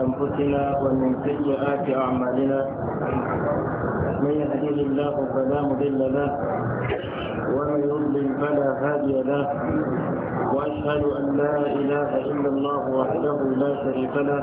أنفسنا ومن سيئات أعمالنا من يهديه الله فلا مضل له ومن يضلل فلا هادي له وأشهد أن لا إله إلا الله وحده لا شريك له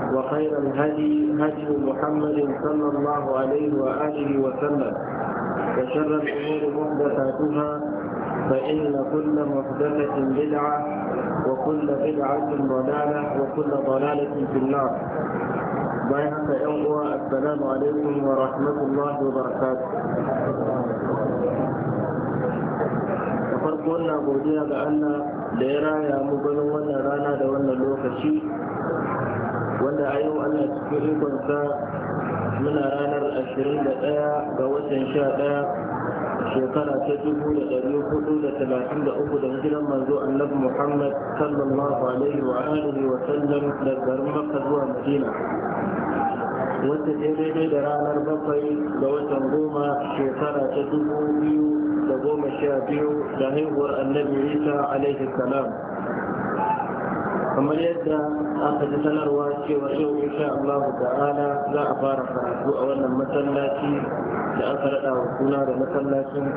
وخير الهدي هدي محمد صلى الله عليه وآله وسلم وشر الأمور محدثاتها فإن كل محدثة بدعة وكل بدعة ضلالة وكل ضلالة في النار بينك يوم السلام عليكم ورحمة الله وبركاته farko na godiya ga Allah da ya raya mu أن wannan rana da wannan lokaci wanda a yau ana cikin ikonsa muna ranar 21 ga watan 11 shekara ta 1433 da hijiran manzo annabi muhammad sallallahu alaihi wa alihi wa sallam da garin makka zuwa madina wata ce daidai da ranar bakwai ga watan goma shekara ta dubu biyu da goma sha biyu da haihuwar annabi isa alaihi salam kamar yadda aka ji sanarwa cewa yau insha Allah ta'ala za a fara karatu a wannan masallaci da aka rada wa suna da masallacin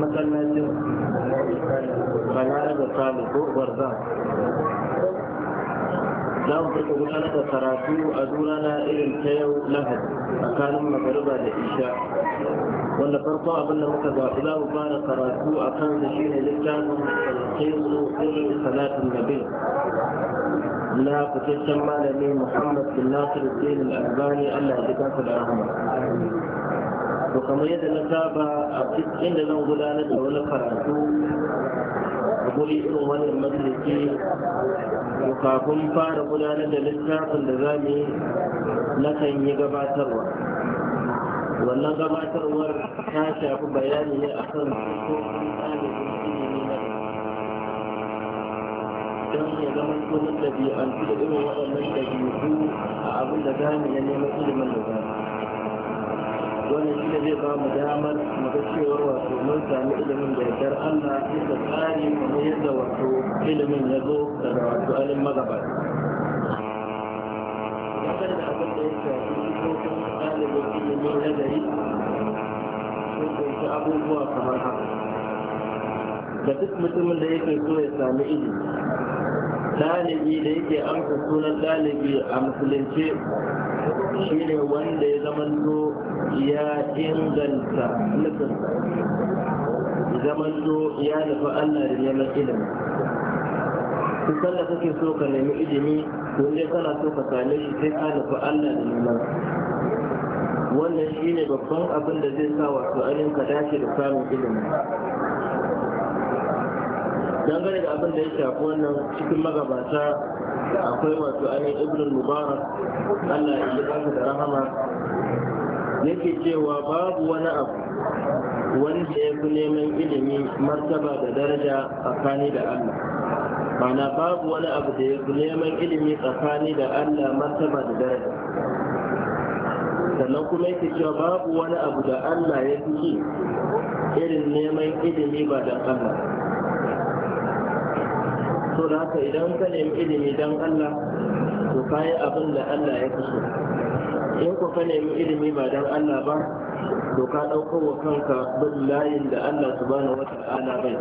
masallacin balara da ko barza za mu fita gudanar da karatu a na irin ta yau lahadi a tsakanin magariba da isha wanda farko abin da muka zaɓi za mu fara karatu a kan da shi ne littafin alkhairu irin salatin nabi na fitaccen malami muhammad bin nasir din al-albani allah ya kansa da rahama to kamar yadda na saba a cikin da zan gudanar da wani karatu a guri irin wani majalisi to kafin fara gudanar da littafin da za mu yi na kan yi gabatarwa wannan gabatarwar ta shafi bayani ne akan ko ɗalibin ilimi na don ya zama sunan ɗabi'antu da irin waɗannan ɗabi'u a abin da gane ya neman ilimin da gane wannan shi ne zai ba mu damar mu ga cewar wato mun sami ilimin da yardar Allah bisa tsari kamar yadda wato ilimin ya zo daga wato alin magabata. Kasar da abin da ya shafi ɗalibin ilimin nazari sun kunshi abubuwa kamar haka da duk mutumin da yake so ya sami ilimi ɗalibi da yake amsa sunan ɗalibi a musulunce shi ne wanda ya zamanto ya inganta nufinsa zamanto ya nufi allah da neman ilimi duk sanda kake so ka nemi ilimi to ne kana so ka sami shi sai ka nufi allah da neman wannan shi ne babban abin da zai sa wato ainihin ka dace da samun ilimi dangane da abin da ya shafi wannan cikin magabata akwai wato ainihin ibn mubarak allah ya shiga da rahama yake cewa babu wani abu wanda ya fi neman ilimi martaba da daraja tsakani da allah mana babu wani abu da ya fi neman ilimi tsakani da allah martaba da daraja sannan kuma yake cewa babu wani abu da Allah ya fi irin neman ilimi ba don Allah so da haka idan ka nemi ilimi don Allah to kayi abin da Allah ya fi so in ku ka nemi ilimi ba don Allah ba to ka ɗaukar wa kanka bin layin da Allah bani wata ta'ala bai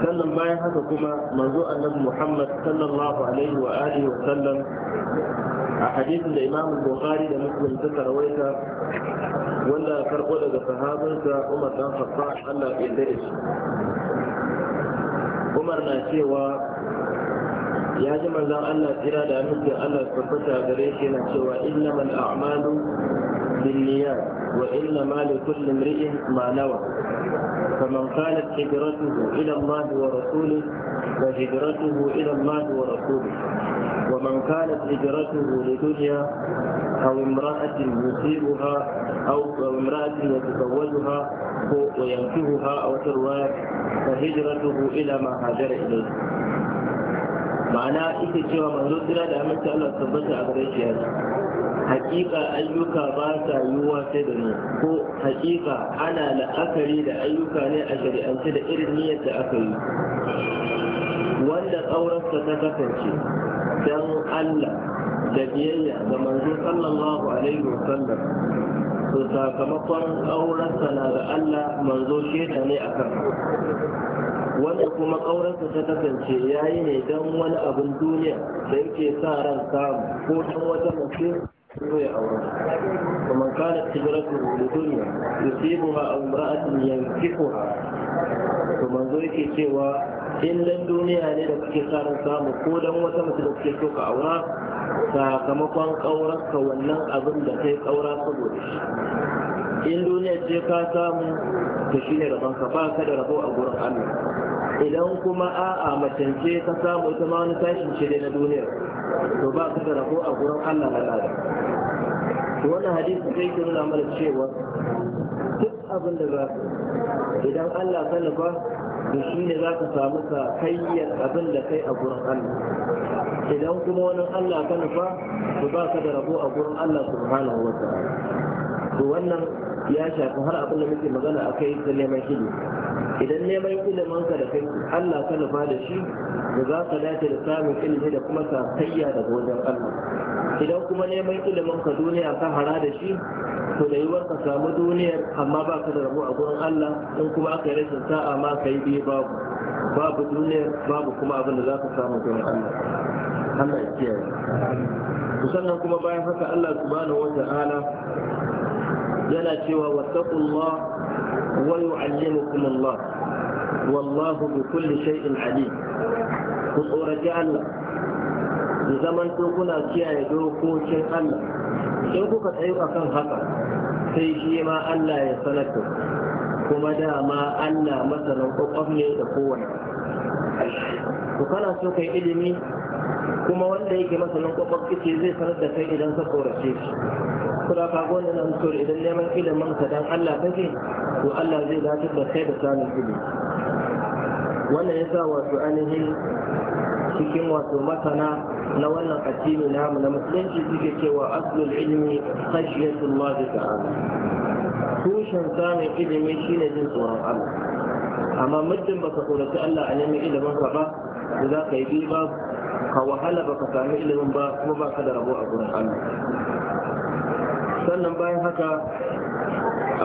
sannan bayan haka kuma manzo annabi Muhammad sallallahu alaihi wa alihi wa sallam a hadisin da imamu buhari da muslim suka rawaita wanda karɓo daga sahabinsa umar dan fasa allah ya da shi umar na cewa ya ji manzan allah tsira da amince allah fasa gare shi na cewa innamal a'malu بالنيات وإنما لكل امرئ ما نوى فمن كانت هجرته إلى الله ورسوله فهجرته إلى الله ورسوله ومن كانت هجرته لدنيا أو امرأة يصيبها أو امرأة يتزوجها وينكهها أو ترواك فهجرته إلى ما هاجر إليه معناه إذا جاء من kira da aminci Allah tabbata a hakika ayyuka ba sa yiwuwa sai da nan ko hakika ana la'akari da ayyuka ne a shari'ance da irin niyyar da aka yi wanda tsaurarsa ta kasance don Allah da biyayya ga manzo sallallahu alaihi wa sallam to sakamakon tsaurarsa na ga Allah manzo sheta ne a kan wanda kuma ƙaurarsa ta kasance ya yi ne don wani abin duniya da yake sa ran samu ko don wata mace zai aure kuma kana hijratu li dunya yusibuha aw imra'atin yankihuha to manzo yake cewa in duniya ne da kuke samu ko dan wata mace so ka aura sakamakon ƙaurarka wannan abin da kai ƙaura saboda shi in duniya ce ka samu to ne rabon ka da rabo a gurin Allah idan kuma a'a macance ka samu ita ma wani tashin shirya na duniya to ba ka da rabo a gurin Allah na lada wannan hadisi sai ke nuna mana cewa duk abin da za idan Allah ka nufa to shi ne za ka samu ka kayyar abin da kai a gurin Allah idan kuma wani Allah ka nufa to ba ka da rabo a gurin Allah subhanahu wa ta'ala to wannan ya shafi har abin da muke magana kai ta neman ilimi idan neman ilimansa da kai Allah ka nufa da shi da za ka dace da samun ilimi da kuma sakayya daga wajen Allah idan kuma neman ilimin ka duniya ka hara da shi to da yiwuwar ka samu duniyar amma ba ka da rabo a gurin Allah in kuma aka yi rashin sa'a ma ka yi biyu babu babu duniyar babu kuma abin da za ka samu gurin Allah Allah ya kiyaye sannan kuma bayan haka Allah subhanahu wa ta'ala yana cewa wattaqullah wa yu'allimukum Allah wallahu bi kulli shay'in alim ku tsoraci Allah ku zaman to kuna kiyaye dokokin Allah in kuka tsayu akan haka sai shi ma Allah ya sanar da kuma dama Allah masanin kwakwaf ne da kowane to kana so kai ilimi kuma wanda yake masanin kwakwaf ce zai sanar da kai idan ka tsorace shi kula ka gona nan mutuwar idan neman ilimin ka dan Allah kake to Allah zai dace da kai da samun ilimi wannan yasa wato ainihin cikin wato masana na wannan addini namu na musulunci suke cewa aslul ilmi khashyatullah ta'ala tushen samun ilimi shine jin tsoron Allah amma muddin baka tsoraci Allah a neman ilimin ka ba da za ka yi bi ba ka wahala baka sami ilimin ba kuma baka da rabo a gurin Allah sannan bayan haka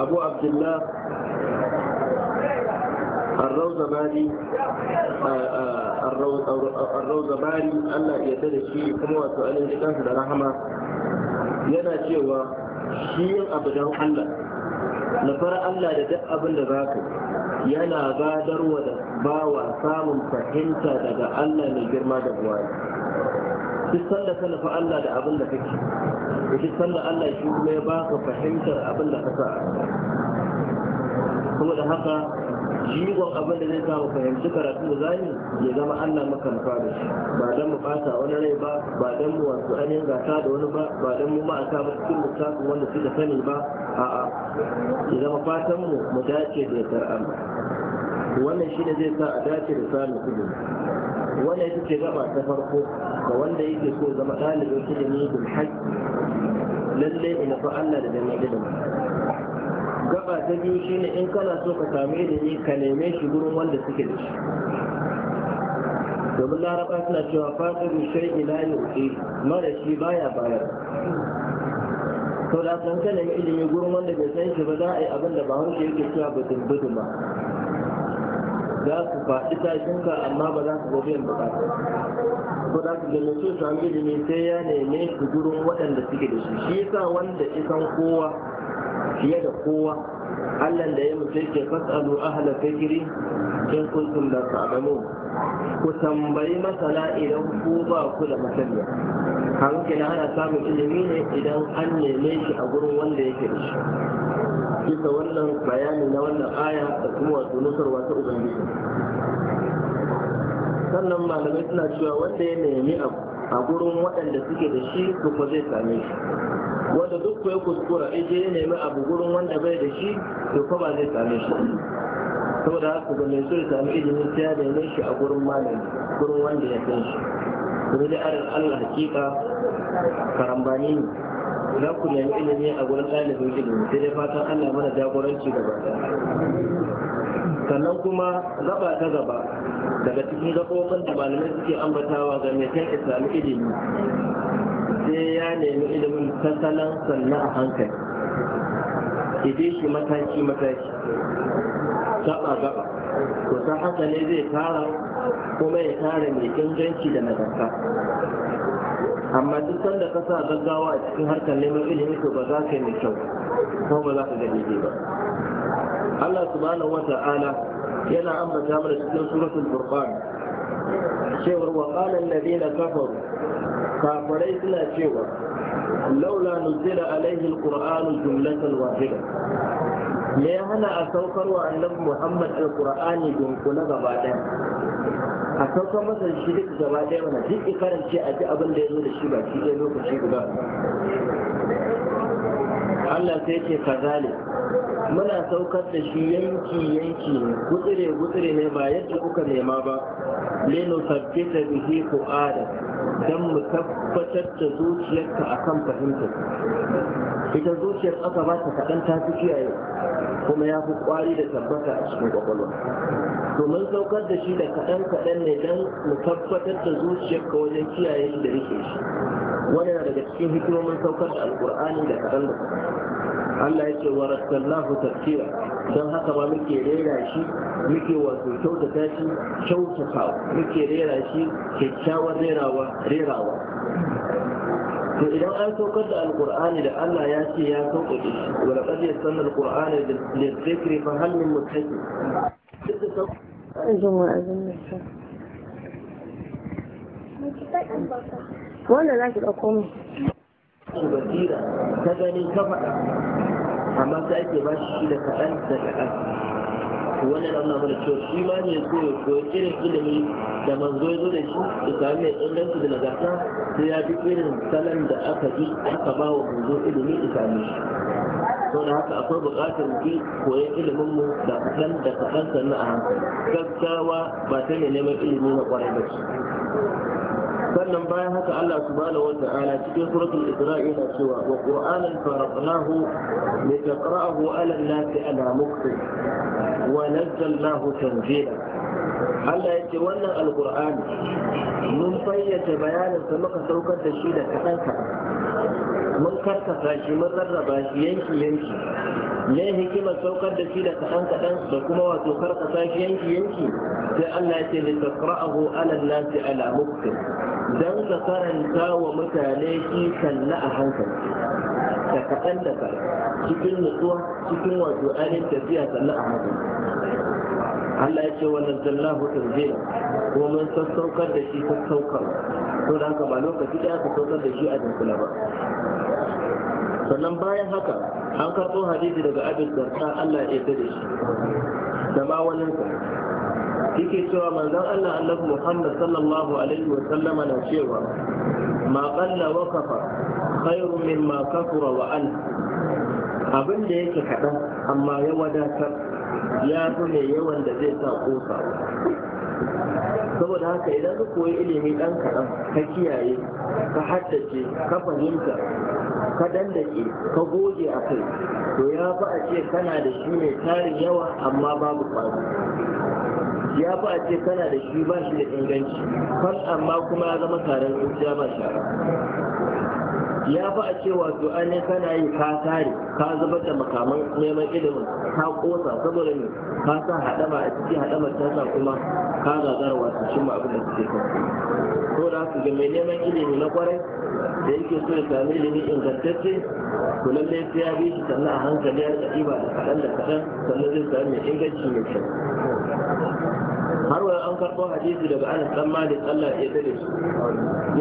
abu abdullah الروزباري الروزباري Allah ya da shi kuma wato alin jikansa da rahama yana cewa shi yin abu don Allah na fara Allah da duk abin da za ka yana gadarwa da bawa samun fahimta daga Allah mai girma da buwaya duk sanda ka nufi Allah da abin da kake da duk sannan Allah shi kuma ya baka fahimtar abin da ka sa kuma da haka jigon abin da zai samu fahimci karatu da zani ya zama Allah maka nufa da shi ba dan mu bata wani rai ba ba dan mu wasu ainihin gasa da wani ba ba dan mu ma'aka ba cikin littafin wanda suka sani ba a'a ya zama fatan mu mu dace da yardar Allah wannan shi ne zai sa a dace da samun ilimi wannan ita ce gaba ta farko ga wanda yake so zama ɗalibin ilimi bil haƙƙi Lallai ina fa Allah da da ilimi gaba ta biyu shine in kana so ka da ni ka neme shi gurin wanda suke da shi domin laraba suna cewa fadiru shai la yuqi mara shi baya bayar to da san kana ilimi gurin wanda bai san shi ba za a yi abin da ba hausa yake cewa ba ba za su faɗi tashinka amma ba za su gobe ba ko za su gallace su an ilimi sai ya neme su gurin waɗanda suke da shi shi yasa wanda isan kowa fiye da kowa Allah da ya mutu ke fasalu ahla fikri in kuntum la ta'lamu ku tambayi masana idan ku ba ku da masaniya hankali ana samun ilimi ne idan an neme shi a gurin wanda yake da shi bisa wannan bayani na wannan aya da kuma wato nusarwa ta ubangiji sannan malamai suna cewa wanda ya nemi abu a gurin waɗanda suke da shi to kuma zai same shi wanda duk ya kuskura je ya nemi abu gurin wanda bai da shi to fa ba zai same shi saboda haka ga mai so ya sami ilimi sai ya neme shi a gurin malami gurin wanda ya san shi kuma da Allah hakika karambani ne kula ku nemi ilimi a gurin ɗalibin ilimi sai dai fatan Allah mana jagoranci gaba sannan kuma gaba ta gaba daga cikin gabobin da malamai suke ambatawa ga mai kan islami ilimi sai ya nemi ilimin tattalin sannan a hankali ide shi mataki mataki gaba gaba to san haka ne zai tara kuma ya tara mai inganci da nagarta amma duk sanda ka sa gaggawa a cikin harkar neman ilimi to ba za ka yi mai kyau kuma ba za ka ga daidai ba Allah subhanahu wa ta'ala yana ambata mana cikin suratul furqan cewar wa qala alladhina kafaru suna cewa laula nuzila alaihi alqur'anu jumlatan wahida me ya hana a saukarwa annabi Muhammad alqur'ani dunkula gaba ɗaya a saukan masa shi duka gaba ɗaya mana duk ce a ji abin da ya zo da shi ba shi ɗaya lokaci guda Allah sai ce kazali muna saukar da shi yanki yanki ne gutsire gutsire ne ba yadda kuka nema ba leno sabbita bihi ko adam don mu tabbatar da zuciyarka akan fahimtar ita zuciyar aka ba ta kaɗan ta fi kiyaye kuma ya fi ƙwari da tabbata a cikin ƙwaƙwalwa to mun saukar da shi da kaɗan kaɗan ne don mu tabbatar da zuciyar ka wajen kiyaye shi da rike shi wani na daga cikin hikimomin saukar da alƙur'ani da kaɗan da Allah ya ce wa rasallahu tafsira don haka ba muke rera shi muke wato kyautata shi kyautata muke rera shi kyakkyawar rerawa to idan an saukar da alqur'ani da Allah ya ce ya sauƙaƙe shi wa laqad yasanna alqur'ana lil-dhikri fa hal min muttaqi duk da wannan za ki ɗauko mu. Basira ta gani ka faɗa amma sai ake ba shi da kaɗan da kaɗan. wani na mana cewa shi ma ne so ya koyi irin ilimi da manzo ya da shi da sami mai inganci da nagarta sai ya fi irin salon da aka yi aka ba wa manzo ilimi da sami shi haka akwai buƙatar bi koyan ilimin mu da kaɗan da kaɗan sannu a hankali gaggawa ba ta ne neman ilimi na ƙwarai ba ce sannan bayan haka Allah subhanahu wata'ala cikin suratul isra'i na cewa wa qur'anan faraqnahu litaqra'ahu 'ala an-nasi 'ala wa nazzalnahu tanzila Allah ya ce wannan alqur'ani mun fayyace bayanin sa muka saukar da shi da kadan mun karkasa shi mun rarraba shi yanki yanki ne hikimar saukar da shi da kaɗan kaɗan da kuma wato karkasa shi yanki yanki sai Allah ce da takra'ahu ala nasi ala muktin dan ka karanta wa mutane shi kalla a hankali da kaɗan da kaɗan cikin nutsuwa cikin wato ainihin tafiya kalla a hankali Allah ya ce wannan zallahu tanzila ko mun sassaukar da shi sassaukar to dan ka ba lokaci da aka saukar da shi a dinkula ba sannan bayan haka an karɓo hadisi daga abin zarta Allah ya da shi da ma waninsa yake cewa manzon Allah Allah Muhammad sallallahu alaihi wa sallama na cewa ma qalla wa kafa khairu mimma kafura wa an abin da yake kaɗan amma ya wadatar ya fi mai yawan da zai sa kosa saboda haka idan ka koyi ilimi ɗan kaɗan ka kiyaye ka haddace ka fahimta ka dandake ka goge a kai to ya fi a ce kana da shi mai tarin yawa amma babu kwazo ya fi a ce kana da shi ba shi da inganci kan amma kuma ya zama tarin zuciya ba shara ya fi a ce wato an kana yi ka tare ka zubar da makaman neman ilimin ka kosa saboda ne ka sa hadama a ciki hadama ta sa kuma ka gagara wasu shi ma abin da suke kan to da su ga mai neman ilimi na kwarai da yake so ya sami ilimi ingantacce to lallai sai ya bi shi sannan a hankali ya rika ɗiba da kaɗan da kaɗan sannan zai sami mai inganci mai kyau har wani an karɓo hadisi daga anas dan malik allah ya dade shi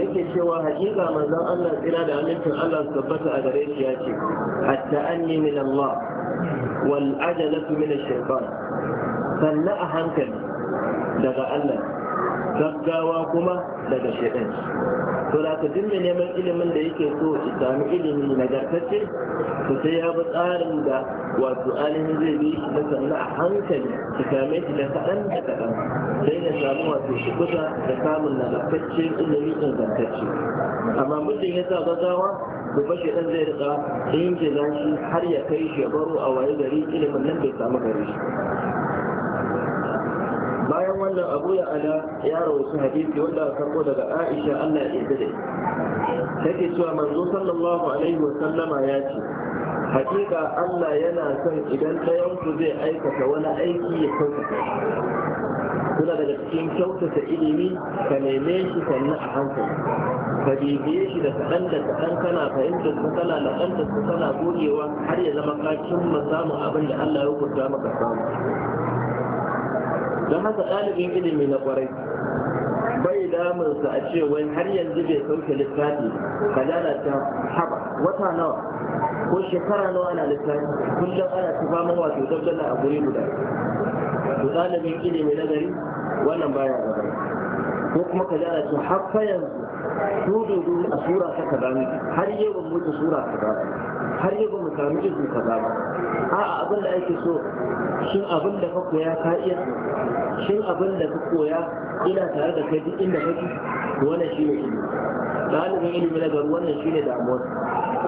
yake cewa hakika manzon allah tsira da amincin allah su tabbata a gare shi ya ce at ta'anni min allah wal ajalatu min ash-shaytan a hankali daga Allah gaggawa kuma daga shaytan to da ka dinga neman ilimin da yake so ya sami ilimi nagartacce to sai ya bi tsarin da wato alimin zai bi shi na sanna a hankali ka same shi da kaɗan da kaɗan sai ya samu wato shi kusa da samun nagartacce ilimi ingantacce amma mutum ya sa gaggawa gobe shi dan zai rika injina har ya kai shi ya baro a waye gari ilimin nan bai samu gari shi bayan wannan abu ya ala ya hadisi wanda aka karbo daga aisha allah ya yarda da take cewa manzo sallallahu alaihi wa sallama ya ce hakika allah yana son idan ɗayan ku zai aikata wani aiki ya kauta suna daga cikin kyautata ilimi ka neme shi sannan a hankali ka bibiye shi da kaɗan da kaɗan kana fahimtar su kana laƙantar su kana gogewa har ya zama ka cimma samun abin da Allah ya hukunta maka samu don haka ɗalibin ilimi na ƙwarai bai damunsa a ce wai har yanzu bai sauke littafi ka lalata haba wata nawa ko shekara nawa na littafi kullum ana tafaman wato dabdala a guri guda to ɗalibin ilimi mai gari wannan baya gaba ko kuma ka ji ana ce haffa yanzu dudu a sura ta kaza ne har yau ban mutu sura kaza har yau ban samu izu kaza ba a'a abin da ake so shin abin da ka koya ka iya shin abin da ka koya ina tare da kai duk inda kake to wannan shine ilimi ɗalibin ilimi na gari wannan ne damuwar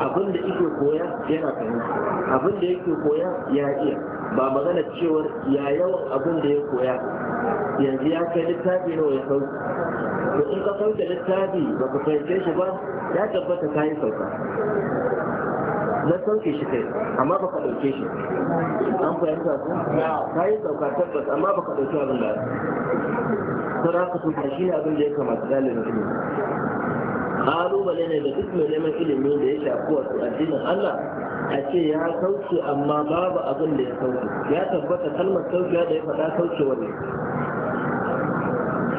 abin da yake koya yana fahimta abin da yake koya ya iya ba magana cewar ya yawan abin da ya koya yanzu ya kai littafi nawa ya sau to in ka sauke littafi ba ka fahimce shi ba ya tabbata ka yi sauka na sauke shi kai amma ba ka ɗauke shi an fahimta su ka yi sauka tabbas amma ba ka ɗauke abin da ya sauka ka shi abin da ya kamata ɗalibin ilimi kalubale ne da duk mai neman ilimi da ya shafi wasu addinin Allah a ce ya sauke amma babu abin da ya sauke ya tabbata kalmar sauke da ya faɗa sauke wani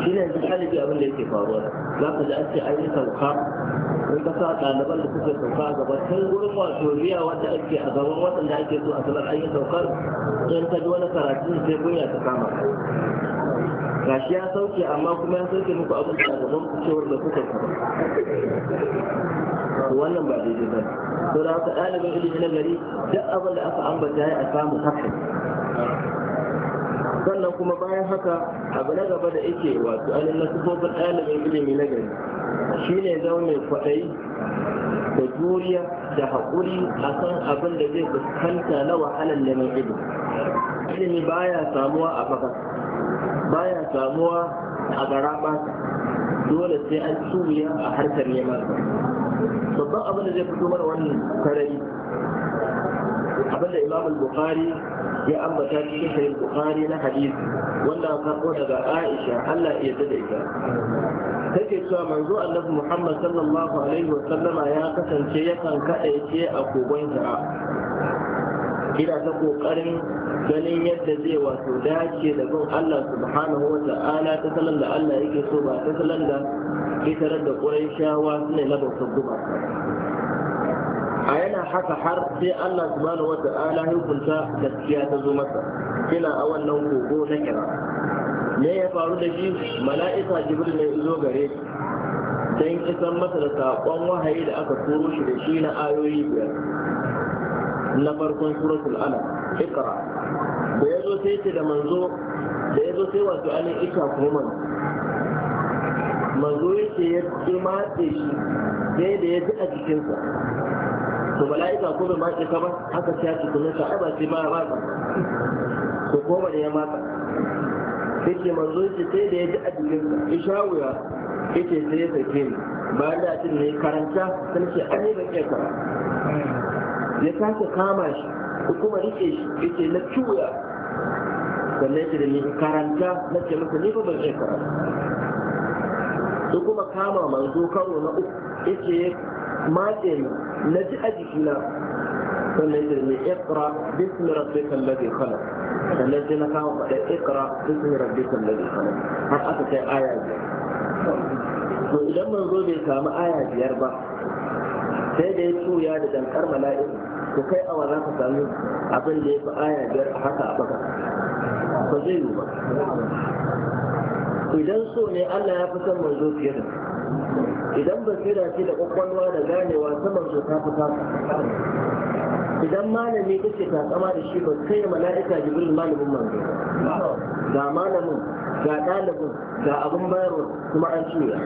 shi ne yanzu galibi abin da yake faruwa za ka ji an ce an yi sauka in ka sa ɗaliban da suke sauka a gaba tun gurin wato biya wanda ake a gaban waɗanda ake so a sanar an yi saukar in ka ji wani karatu sai kunya ta kama gashi ya sauke amma kuma ya sauke muku abin da ku cewar da kuka kaba wannan ba daidai ba to da haka ɗalibin ilimi na gari duk abin da aka ambata ya a samu haka sannan kuma bayan haka abu na gaba da yake wato anin na sufofin ɗalibin ilimi na gari shine zama mai kwaɗayi da juriya da haƙuri a kan abin da zai fuskanta na wahalar neman ilimi ilimi baya samuwa a fakas baya samuwa a gara dole sai an tsubiya a harkar neman babban abin da zai fito mana wannan karari abin da imam bukhari ya ambata cikin sahih bukhari na hadisi wanda aka karɓo daga aisha Allah ya yarda da ita take cewa manzo annabi muhammad sallallahu alaihi wa sallama ya kasance yakan kaɗaice a kogon jara ina ta ƙoƙarin ganin yadda zai wato dace da bin Allah subhanahu wa ta'ala ta salon da Allah yake so ba ta salon da itarar da ƙurai shawa suna na bautar guba a yana haka har sai Allah subhanahu wa ta'ala hukunta gaskiya ta zo masa kina a wannan koko na kira me ya faru da shi mala'ika jibril ne zo gare shi dan isan masa da saƙon wahayi da aka turo shi da shi na ayoyi biyar na farkon suratul alam ikra da ya zo sai ce da manzo da ya zo sai wato alin ita kuma manzo ya ce ya ce matse shi sai da ya ji a jikinsa to mala'ika ko bai matse ka ba haka sai ya ci kuma ka ba sai ma matsa ko ko ba da ya matsa sai ke manzo ya ce sai da ya ji a jikinsa sha ya ce sai ya sake ni ba da a cikin ne karanta sai ce an yi bakin kara. ya sake kama shi ko kuma rike shi yake na cuya sannan yake da ni karanta na ce masa ni ba ban shi karanta su kuma kama manzo karo na uku yake matse ni na ji a jikina sannan yake da ni ikra bismi rabbika alladhi khalaq sannan sai na kama faɗa ikra bismi rabbika alladhi khalaq har aka kai aya biyar to idan manzo bai samu aya biyar ba sai da ya tuya da dankar mala'ika ku kai awa za ka sami abin da ya fi aya biyar a haka a baka ba zai yi ba idan so ne Allah ya fi son manzo fiye da idan basira ce da kwakwalwa da ganewa ta manzo ta fi idan malami kake takama da shi ba kai mala'ika jibril malamin manzo ga malamin ga ɗalibin ga abin bayarwa kuma an ciya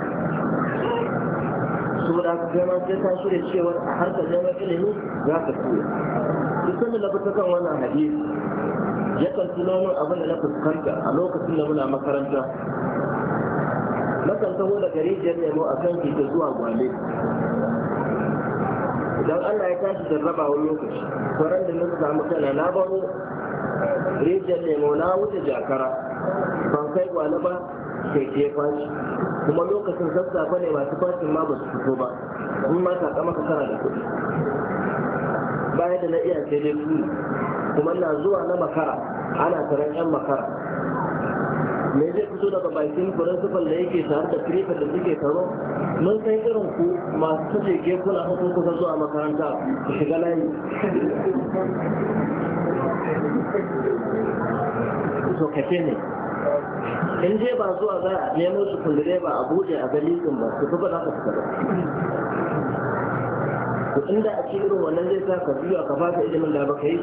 saboda haka kai ma sai ka shirya cewar a harkar neman ilimi za ka tura duk sanda na fita kan wannan hadisi yakan tuno min abin da na fuskanta a lokacin da muna makaranta nakan taho da gari da nemo a kan keke zuwa gwale idan Allah ya tashi da raba wani lokaci kwaran da na samu kana na baro rijiyar nemo na wuce jakara ban kai gwale ba keke fashi kuma lokacin sassafe ne masu fashin ma ba su fito ba in ma ta kama kana da kuɗi baya da na iya sai dai turi kuma na zuwa na makara ana taron yan makara me zai fito daga bakin principal da yake tare da prefect da suke taro mun san irin ku masu tace ke kula hukun kusa zuwa makaranta ku shiga layi so kafe ne in je ba zuwa za a nemo su kundire ba a buɗe a galikin ba su ba za ka fita ba ku inda a cikin irin wannan zai sa ka biyo ka fasa ilimin da ba yi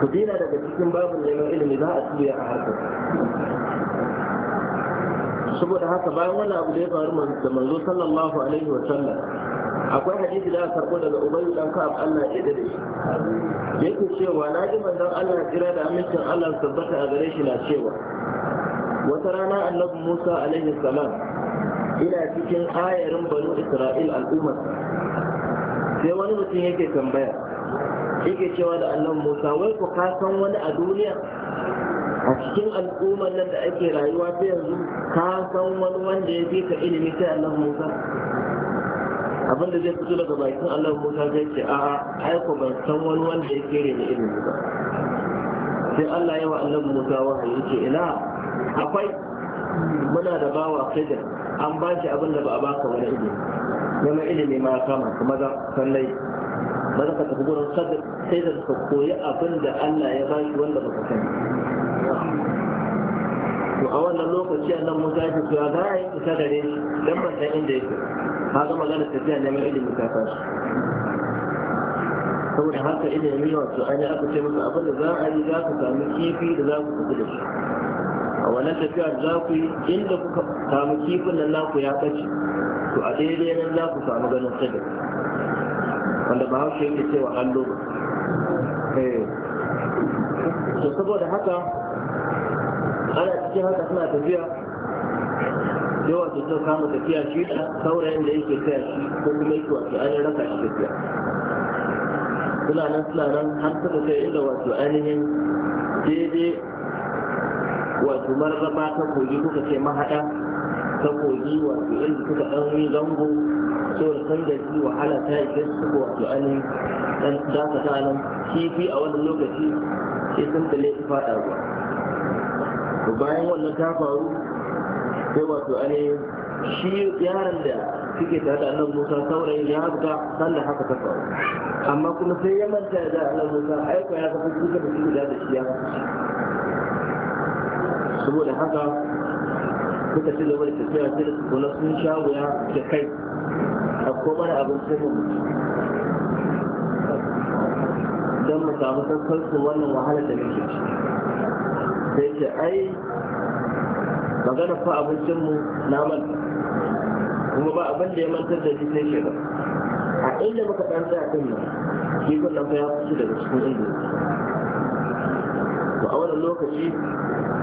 ku dina daga cikin babu neman ilimi za a tsibiya a harkar saboda haka bayan wani abu da ya faru da manzo sallallahu alaihi wa sallam akwai hadisi da aka karbo daga ubayu dan ka'ab Allah ya dade shi yake cewa na ji manzon Allah kira da amincin Allah tabbata a gare shi na cewa wata rana annabi Musa alaihi salam ina cikin ayarin banu Isra'il al'ummar sai wani mutum yake tambaya yake cewa da Allah Musa wai ku ka san wani a duniya a cikin al'ummar nan da ake rayuwa ta yanzu ka san wani wanda ya fi ka ilimi sai Allah Musa abin da zai fito daga bakin Allah Musa zai ce a aiko ban san wani wanda ya kere da ilimi ba sai Allah ya wa Allah Musa wahayi ce ila akwai muna da bawa Khidir an ba shi abin da ba a baka wani ilimi Wani ilimi ma kama kuma za sallai ba za ka tafi gurin Khidir sai da ka koyi abin da Allah ya ba shi wanda ba ka sani a wannan lokaci annan musa yake cewa za a yi kusa da shi dan ban san inda yake ka ga magana tafiya neman ilimi ta tashi saboda haka ilimi wato an yi aka ce musu abin da za a yi za ku sami kifi da za ku kusa da shi a wannan tafiya da za ku yi inda ku sami kifin nan naku ya ɓace to a daidai nan za ku sami ganin sada wanda ba hausa yake cewa allo ba to saboda haka cikin haka suna tafiya yawa ta ta kama tafiya shi da saurayin da yake tafiya shi ko kuma yake wato ainihin raka shi tafiya suna nan suna nan har suka kai inda wato ainihin daidai wato marraba ta kogi kuka ce mahaɗa ta kogi wato inda suka ɗan yi zango saboda san da shi wahala ta yi kai suka wato ainihin ɗan dakata nan kifi a wani lokaci sai sun da su faɗa ruwa bayan wannan ta faru sai wato ane shi yaran da suke tare da annabi Musa saurayin ya buga san da haka ta faru amma kuma sai ya manta da annabi Musa aiko ya kafa duka da suke da shi ya saboda haka suka ci gaba da tafiya sai da kuma sun sha wuya da kai a komar abin sai don mu samu sassaucin wannan wahalar da muke ciki sai ce ai magana fa abincinmu na manta kuma ba abin da ya mantar da shi sai shiga a inda muka ɗan tsaya kan nan kun nan fa ya fito daga cikin inda to a wannan lokaci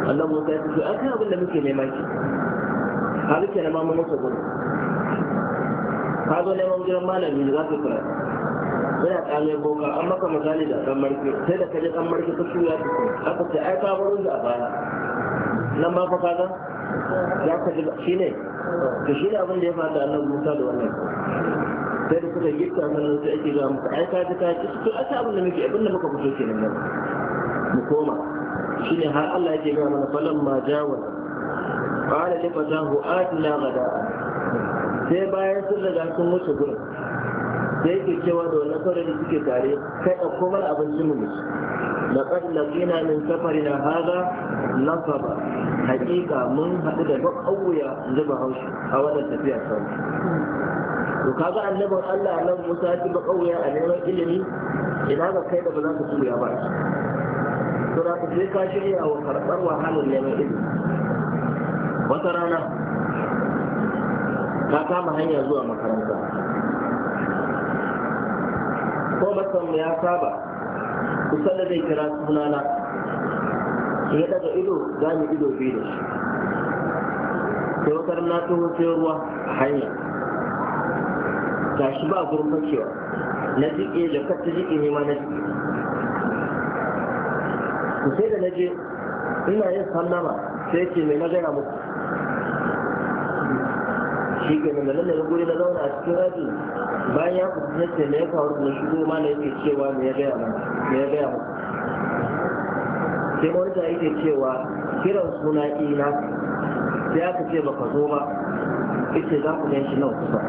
Allah mu ta fito akan abin da muke nema ki har ke na mamu masa gudu ka zo neman gidan malami da za ka karatu yana tsamai boka an maka misali da kan marke sai da kaje ɗan marke ka shuya su aka sai ai ka baro da a baya nan ba fa kaga za ka ji shi ne to shi ne abin da ya faru da annabi Musa da wannan sai da suka gifta nan sai ake zuwa muka ai ka ji ka ji to aka abin da muke abin da muka fito kenan nan mu koma shi ne har Allah yake gaya mana falan ma jawala qala li fatahu atina gada sai bayan sun riga sun wuce gurin da yake cewa da wannan saurayi da suke tare kai a komar abincin mu Na laqad na min safari safarina hadha nasaba haƙiƙa mun haɗu da ba ƙauya zuba haushi a wannan tafiya ta to kaga annabin Allah nan Musa ya ba kauya a neman ilimi ina ga kai da ba za ka tuya ba to da sai ka shirya wa karɓar wahalar neman ilimi wata rana ka kama hanya zuwa makaranta ko ya saba kusa da zai kira sunana ya daga ido za mu ido biyu da shi sai na taho sai ruwa a hanya gashi ba gurin fakewa na jiƙe da ta jiƙe ne ma na jiƙe sai da na je ina yin sallama sai ke mai magana muku shi ke nan nan daga guri na zauna a cikin rabi bayan ya kusa na ce ya faru da shigo goma na yake cewa me ya gaya me ya gaya mu sai ma da yake cewa kiran suna ina sai aka ce baka zo ba ita za ku gan shi nan kusa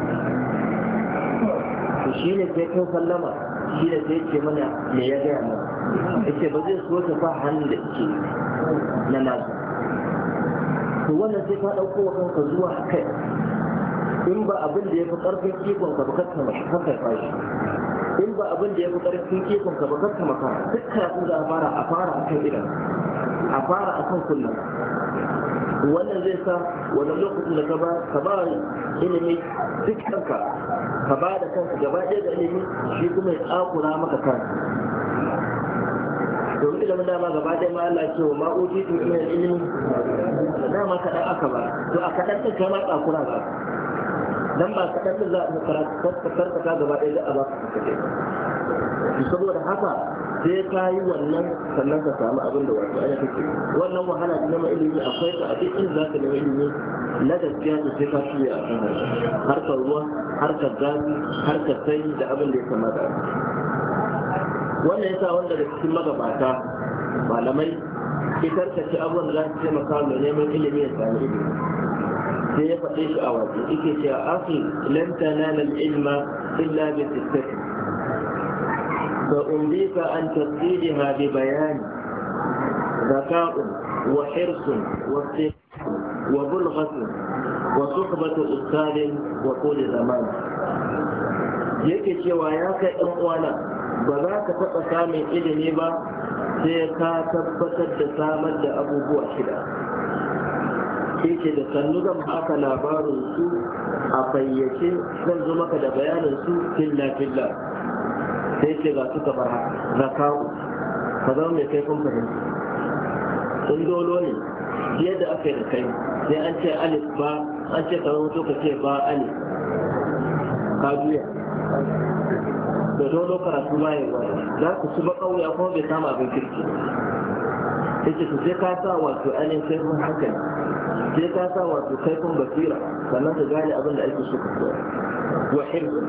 to shi ne sai kai sallama shi ne sai ce mana me ya gaya mu ita ba zai so ta fa hannun da ke na nasu to wannan sai ka ɗauko wa kanka zuwa kai in ba abin da ya fi ƙarfin kekon ka ba kakka fashi in ba abin da ya fi ƙarfin kekon ka ba kakka maka duk karatun za a fara a fara akan idan a fara akan kullum wannan zai sa wani lokacin da ka ba ilimi duk kanka ka ba da kanka gaba ɗaya da ilimi shi kuma ya tsakura maka kanka domin ilimin dama gaba ɗaya ma Allah ce wa ma'uji tun ilimin dama kaɗan aka ba to a kaɗan ta kama tsakura ba nan ba kaɗan da za a karkata gaba ɗaya da a ba kake ba. saboda haka sai ka yi wannan sannan ka samu abin da wato ana kake wannan wahala ne nema ilimi akwai ka a duk inda za ka nema ilimi na gaskiya ta sai ka tuye a kan harkar ruwa harkar har harkar sanyi da abin da ya kamata wannan yasa wanda da cikin magabata malamai ki karkace abubuwan da za su taimaka mai neman ilimi ya sami ilimi شيخ إيش أرد إيش يا أخي لن تنال العلم إلا بالتكلم فأمليك أن تبديلها ببيان ذكاء وحرص واستقاء وبلغة وصحبة أستاذ وطول زمان يكي شواياك إخوانا بذاك تقسامي إذن إبا سيكا تبتد سامد أبو بوحدا sai ce da sannu zan baka labarin su a fayyace zan zo maka da bayanin su filla filla sai ce ga su bar haka ka zama mai kai kun fahimta sun dolo ne yadda aka yi da kai sai an ce alif ba an ce kamar mutu ka ce ba alif ka juya da dolo karatu ma yi wani za ku ci ba a kuma bai kama abin kirki yake su sai ka sa wato ainihin kaifin hankali sai ka sa wato kaifin basira sannan ka gane abin da ake so ka koya wa hirsu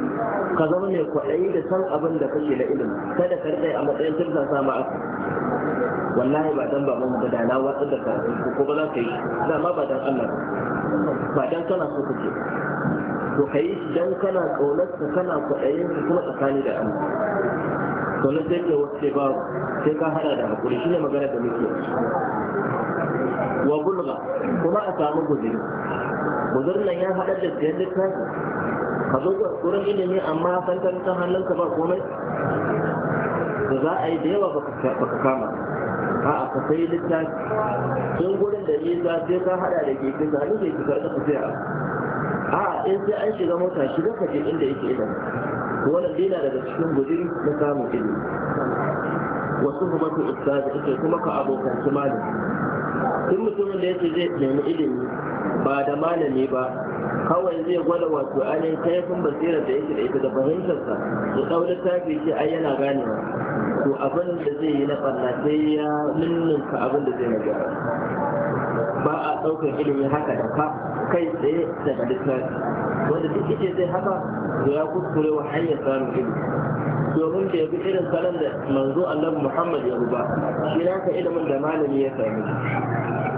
ka zama mai kwaɗayi da san abin da kake na ilimi kada ka rike a matsayin tirsa sa ma aka wallahi ba dan ba mun da na watsar da ka ko ba za ka yi da ma ba dan Allah ba dan kana so kake to kai dan kana kaunar kana kwaɗayin kuma tsakani da Allah wani sai ke wasu ba sai ka hada da hakuri shine magana da muke wa bulga kuma a samu guzuri guzurin nan ya hada da siyan littafi ka zo gurin ilimi amma san ta hannunka ba komai da za a yi da yawa baka kama a'a ka sai littafi sun gudun da nisa sai ka hada da keke ka hannu bai fitar da tafiya a'a in sai an shiga mota shiga ka je inda yake ilimi wannan dina daga cikin gudun na samun ilimi wasu kuma su ustazi ake kuma ka abokan su malami tun mutumin da yake zai nemi ilimi ba da malami ba kawai zai gwada wato ainihin kaifin basirar da yake da ita da fahimtarsa ya ɗau littafi shi ai yana ganewa to abin da zai yi na ɓarna sai ya ninninka abin da zai na ba a ɗaukar ilimi haka da ka kai tsaye daga littafi wanda duk ike zai haka to ya kuskure wa hanyar samun ilimi domin bai bi irin salon da manzo Allah muhammad ya ruba shi naka ilimin da malami ya sami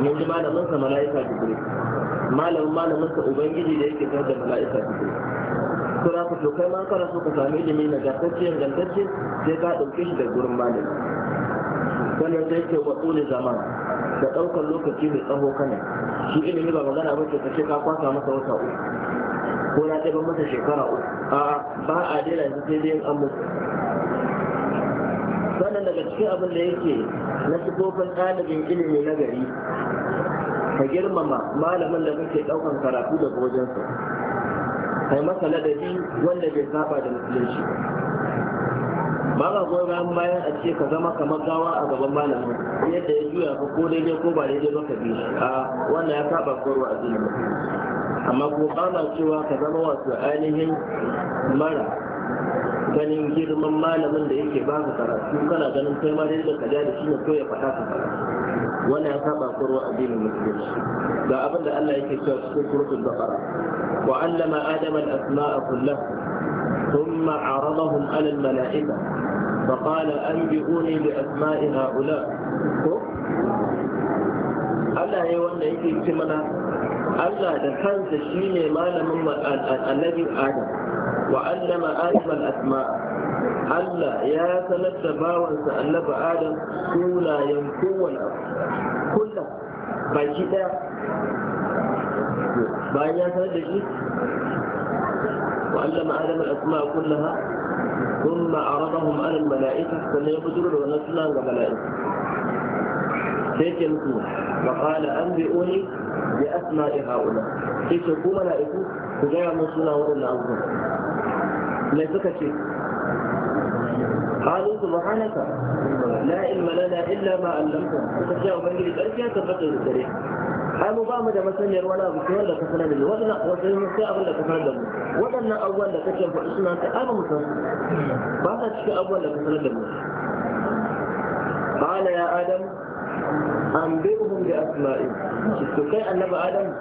yanzu malamin sa mala'ika jibril malamin malamin sa ubangiji da yake da mala'ika jibril to za ka to kai ma kana so ka sami ilimi na gantacce gantacce sai ka dauke shi da gurin malami sannan sai ke wa zaman da ɗaukar lokaci mai tsaho kana shi ilimi ba magana ba ce kace ka kwasa masa wata uku ko na ɗaya masa shekara uku a ba a daina yanzu sai dai an mutu sannan daga cikin abin da yake na sifofin ɗalibin ilimi na gari ka girmama malamin da kake ɗaukan karatu daga wajensa kai masa ladabi wanda bai saba da musulunci ba ga goyi bayan bayan a ce ka zama kamar gawa a gaban malamin yadda ya juya ka ko daidai ko ba daidai ba ka bi a wannan ya saba korwa a zini amma ko kama cewa ka zama wasu ainihin mara ganin girman malamin da yake ba ka karatu kana ganin kai ma daidai ka da shi ne ko ya faɗa ka wannan ya saba korwa a zini musulunci ga abin da Allah yake cewa cikin kurkun bakara adama al-asma'a كلها ثم عرضهم على الملائكة فقال أنبئوني بأسماء هؤلاء Allah ne wanda yake ce mana Allah da kansa shine malamin annabi Adam wa allama Adam al-asma Allah ya sanar da bawansa annabi Adam sunayen kowane kullum baki daya bayan ya sanar da shi وعلم آدم الأسماء كلها ثم عرضهم على الملائكة يقدروا فليبدر ونسلا الملائكة سيكن وقال أنبئوني بأسماء هؤلاء سيكن ملائكة كجاء من سنة ولنا أنظر ليسك شيء قالوا سبحانك لا علم لنا الا ما علمتنا فتشاءوا من جلد اشياء تفقدوا الدليل قالوا قام جمع سنير ولا بسهل لك فلا بلو ولا وسهل مستعب لك فلا بلو ولن اول لك شنف اسمك انا مسلم بعد شك اول لك فلا قال يا ادم انبئهم باسمائهم شفتك ان ابا ادم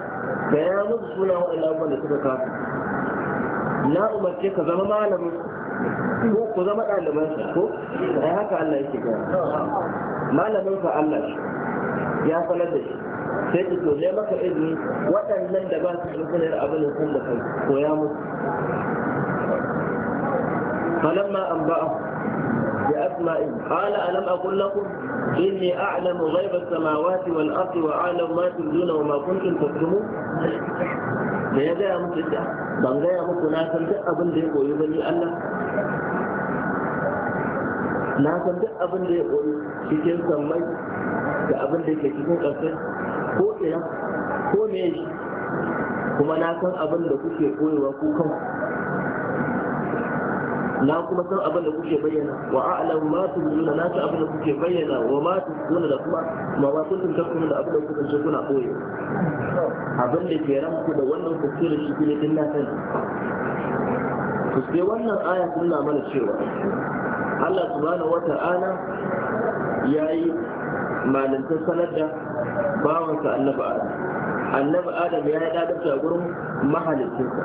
كان مسلم الاول لك فلا لا امسك فما معلمك ko ku zama ɗaliban ɗalibansa ko ai haka Allah yake gaya malamin ka Allah shi ya sanar da shi sai ki to zai maka izini waɗannan da ba su da kulayar abin da da kai koya musu falamma an ba'a bi asma'in qala alam aqul lakum inni a'lamu ghaiba as-samawati wal ardi wa a'lamu ma tubduna wa ma kuntum taktumun da ya gaya muku ita ban gaya muku na san duk abin da ya koyi ba ni Allah na san duk abin da ya koyi cikin sammai da abin da ke cikin ƙasar ko ina ko me kuma na san abin da kuke koyewa ku kanku na kuma san abin da kuke bayyana wa a'lamu ma tunzuna na san abin da kuke bayyana wa ma tunzuna da kuma ma ba kuntum takunu da abin da kuke ce kuna koyi abin da ke ranku da wannan kuke shi ne din na sani ku sai wannan aya suna mana cewa Allah subhanahu wata'ala yayi malantar sanar da bawansa annabi Adam annabi Adam ya yi dadabta gurin mahalicinsa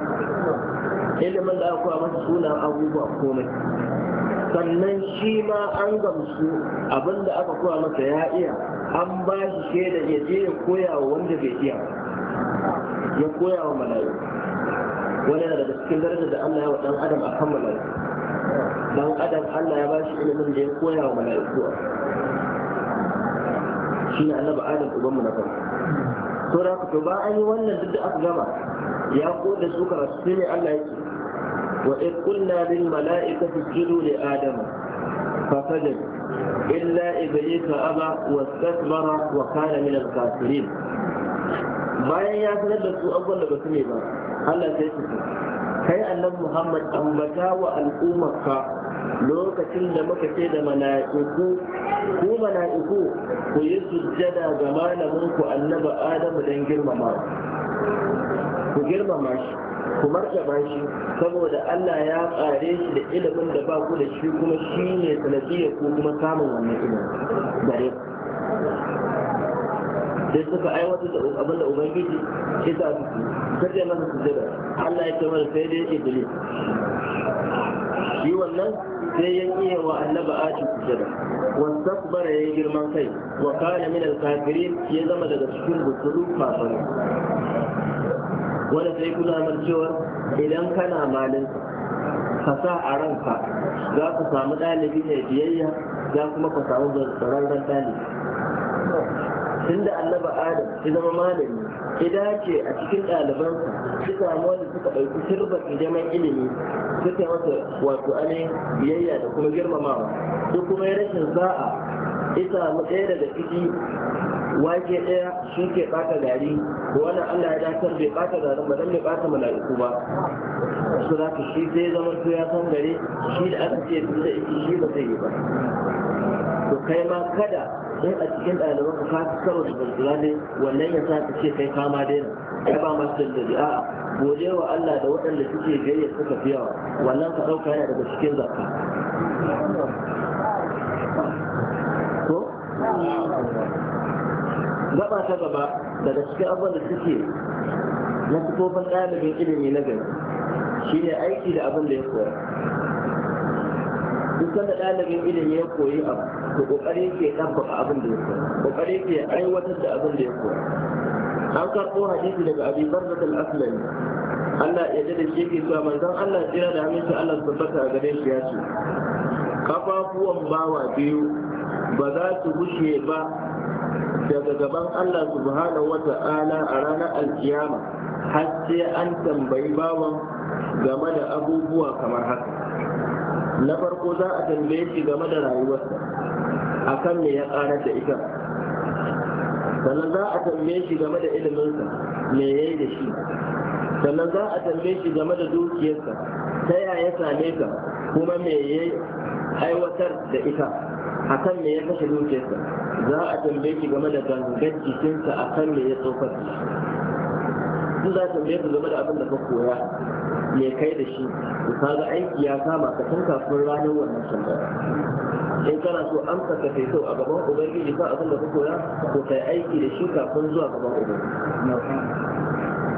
ilimin da aka koya masa suna abubuwa komai sannan shi ma an gamsu abinda aka koya masa ya iya an ba shi shaida ya je ya koya wa wanda bai iya ya koya wa malayu wani yana daga cikin daraja da Allah ya wa dan adam a kan malayu dan adam Allah ya ba shi ilimin da ya koya wa malayu shi ne annabi adam mu na farko to da ba an yi wannan duk da aka gama ya koda su karatu sai ne Allah ya ce وإذ قلنا للملائكة اسجدوا لآدم فسجد إلا إبليس أبى واستكبر وكان من الكافرين bayan ya sanar da su abubuwan da basu ne ba Allah sai su kai annabi Muhammad ambata wa al'ummarka lokacin da muka ce da mala'iku ku mala'iku ku yi sujjada ga malamin ku annabi Adamu don girmama ku girmama shi ku martaba shi saboda Allah ya tsare shi da ilimin da ba ku da shi kuma shi ne sanadiya ko kuma samun wannan ilimin gare Da suka aiwata da abin da ubangiji ya sa su kace masa su jira Allah ya ce sai dai iblis shi wannan sai ya iya wa annaba aci su jira wastakbara ya girman kai wa kana min al-kafirin ya zama daga cikin butulu kafiri wanda sai ku zama cewa idan kana malin ka sa a ranka za ku samu ɗalibi mai biyayya za kuma ka samu zararren ɗalibi tunda annaba adam ya zama malami Ki dace a cikin ɗalibansa su samu wanda suka ɗauki sirbar jaman ilimi suka masa wato ane biyayya da kuma girmamawa duk kuma ya rashin za'a ita mu ɗaya daga ciki wake ɗaya shi ke ɓata gari ko wannan Allah ya dakar bai ɓata garin ba dan bai ɓata mala'iku ba su za ka shi zai zama to ya san gari, shi da aka ce su da iki shi ba zai yi ba to kai ma kada sai a cikin ɗaliban ka kasu karo da banzula ne wannan ya sa ka ce kai kama daina ya ba masu dandali a'a gode wa Allah da waɗanda suke gari suka fi yawa wannan ka ɗauka yana daga cikin zakka gaba ta gaba daga cikin abin da suke na sifofin ɗalibin ilimi na gari shi ne aiki da abin da ya koya duk sanda ɗalibin ilimi ya koyi abu to ƙoƙari ke ɗabbaka abin da ya koya Ƙoƙari ke aiwatar da abin da ya koya an karɓo hadisi daga abi barzat al-aslami Allah ya da shi ke cewa manzon Allah tsira da aminci Allah su tabbata a gare shi ya ce kafafuwan bawa biyu ba za su gushe ba daga gaban Allah subhanahu wa ta'ala a ranar alkiyama har sai an tambayi bawan game da abubuwa kamar haka na farko za a tambaye shi game da rayuwarsa akan me ya karar da ita sannan za a tambaye shi game da iliminsa me ya yi da shi sannan za a tambaye shi game da dukiyarsa ta yaya ya same ka kuma me ya aiwatar da ita akan me ya kashe dukiyarsa za a tambaye ki game da gangar jikinsa akan me ya tsofar duk za a tambaye ki game da abin da ka koya me kai da shi to kaga aiki ya kama ka tun kafin ranar wannan sanda. in kana so an ka kai sau a gaban ubangiji ba abin da ka koya ko kai aiki da shi kafin zuwa gaban ubangiji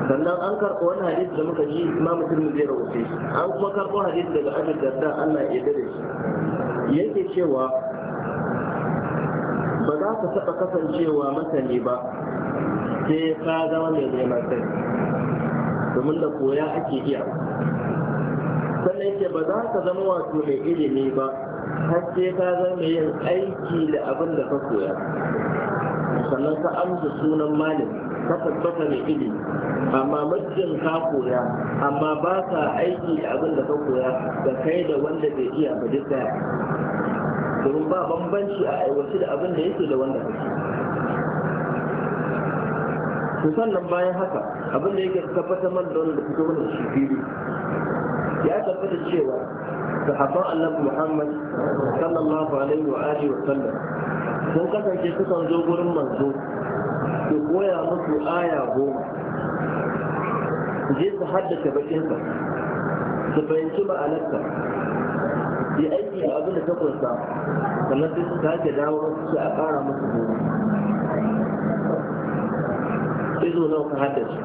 sannan an karɓo wani hadisi da muka ji ma mutum zai rawace an kuma karɓo hadisi daga abin da Allah ya yarda da shi yake cewa ba za ka taɓa kasancewa masani ba sai ka zama mai nema kai domin da koya ake iya sannan yake ba za ka zama wato mai ilimi ba har sai ka zama yin aiki da abin da ka koya sannan ka amsa sunan malin ka tabbata mai ilimi amma mutum ka koya amma ba ka aiki da abin da ka koya da kai da wanda bai iya ba duk daya domin ba bambanci a aiwace da abin da yake da wanda kake sannan bayan haka abin da yake tabbatar man da wanda da fito mana shi fili ya tabbata cewa sahabban annabi Muhammad sallallahu alaihi wa alihi wa sallam sun kasance sukan zo gurin manzo su koya musu aya goma je su haddace bakinsa su fahimci ma'anarsa yi aiki da abin da takwasa kamar sai su sake dawo su a ƙara musu gobe izo nawa ka haddace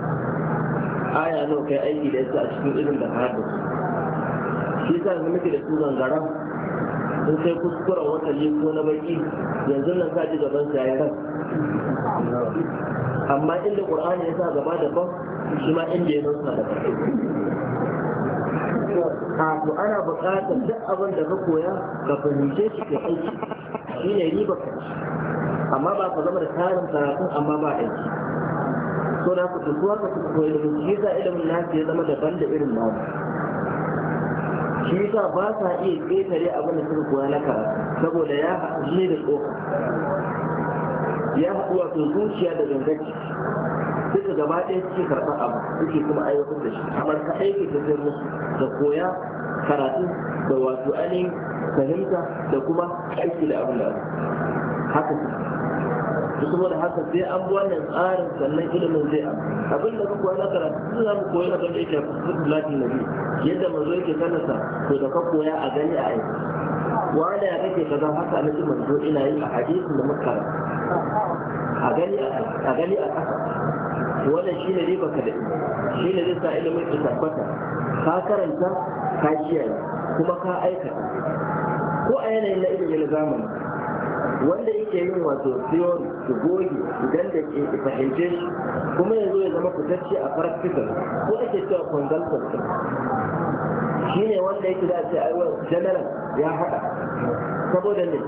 aya nawa kai aiki da yasa a cikin irin da ka su shi sa yanzu muke da su garan sun kai kuskuren wata ko na baki yanzu nan ka ji gaban sa ya amma inda ƙur'ani ya sa gaba ba shi ma inda ya da daban to ana buƙatar duk abin da ka koya ka fahimce shi ka aiki shi ne riba ka amma ba ka zama da tarin karatun amma ba aiki so na ku tsuwa ka ku koyi da shi yasa ilimin nasu ya zama daban da irin namu shi yasa ba sa iya ƙetare abin da suka koya na karatu saboda ya haɗu ne da tsoka ya haɗu wato zuciya da gangaci duka gaba ɗaya suke karɓar abu suke kuma aiwatar da shi amma ka aiki da zai musu da koya karatu da wato ainihin fahimta da kuma aiki da abin da haka su da haka sai an bi wannan tsarin sannan ilimin zai a abin da kuka na karatu su za mu koyi abin da yake lafi na biyu yadda mazo yake sanarsa to da ka koya a gani a aiki wanda ya kake kaza haka na manzo ina yi a hadisi da muka a gani a kasa wannan shi ne ka da shi ne zai sa ilimin ka tabbata ka karanta ka kiyaye kuma ka aikata ko a yanayin na ilimin zamani wanda yake yin wato siyon su goge idan da ke fahimce shi kuma ya zo ya zama fitacce a practical ko ake cewa consultant shi ne wanda yake da ce aiwa general ya haɗa saboda ne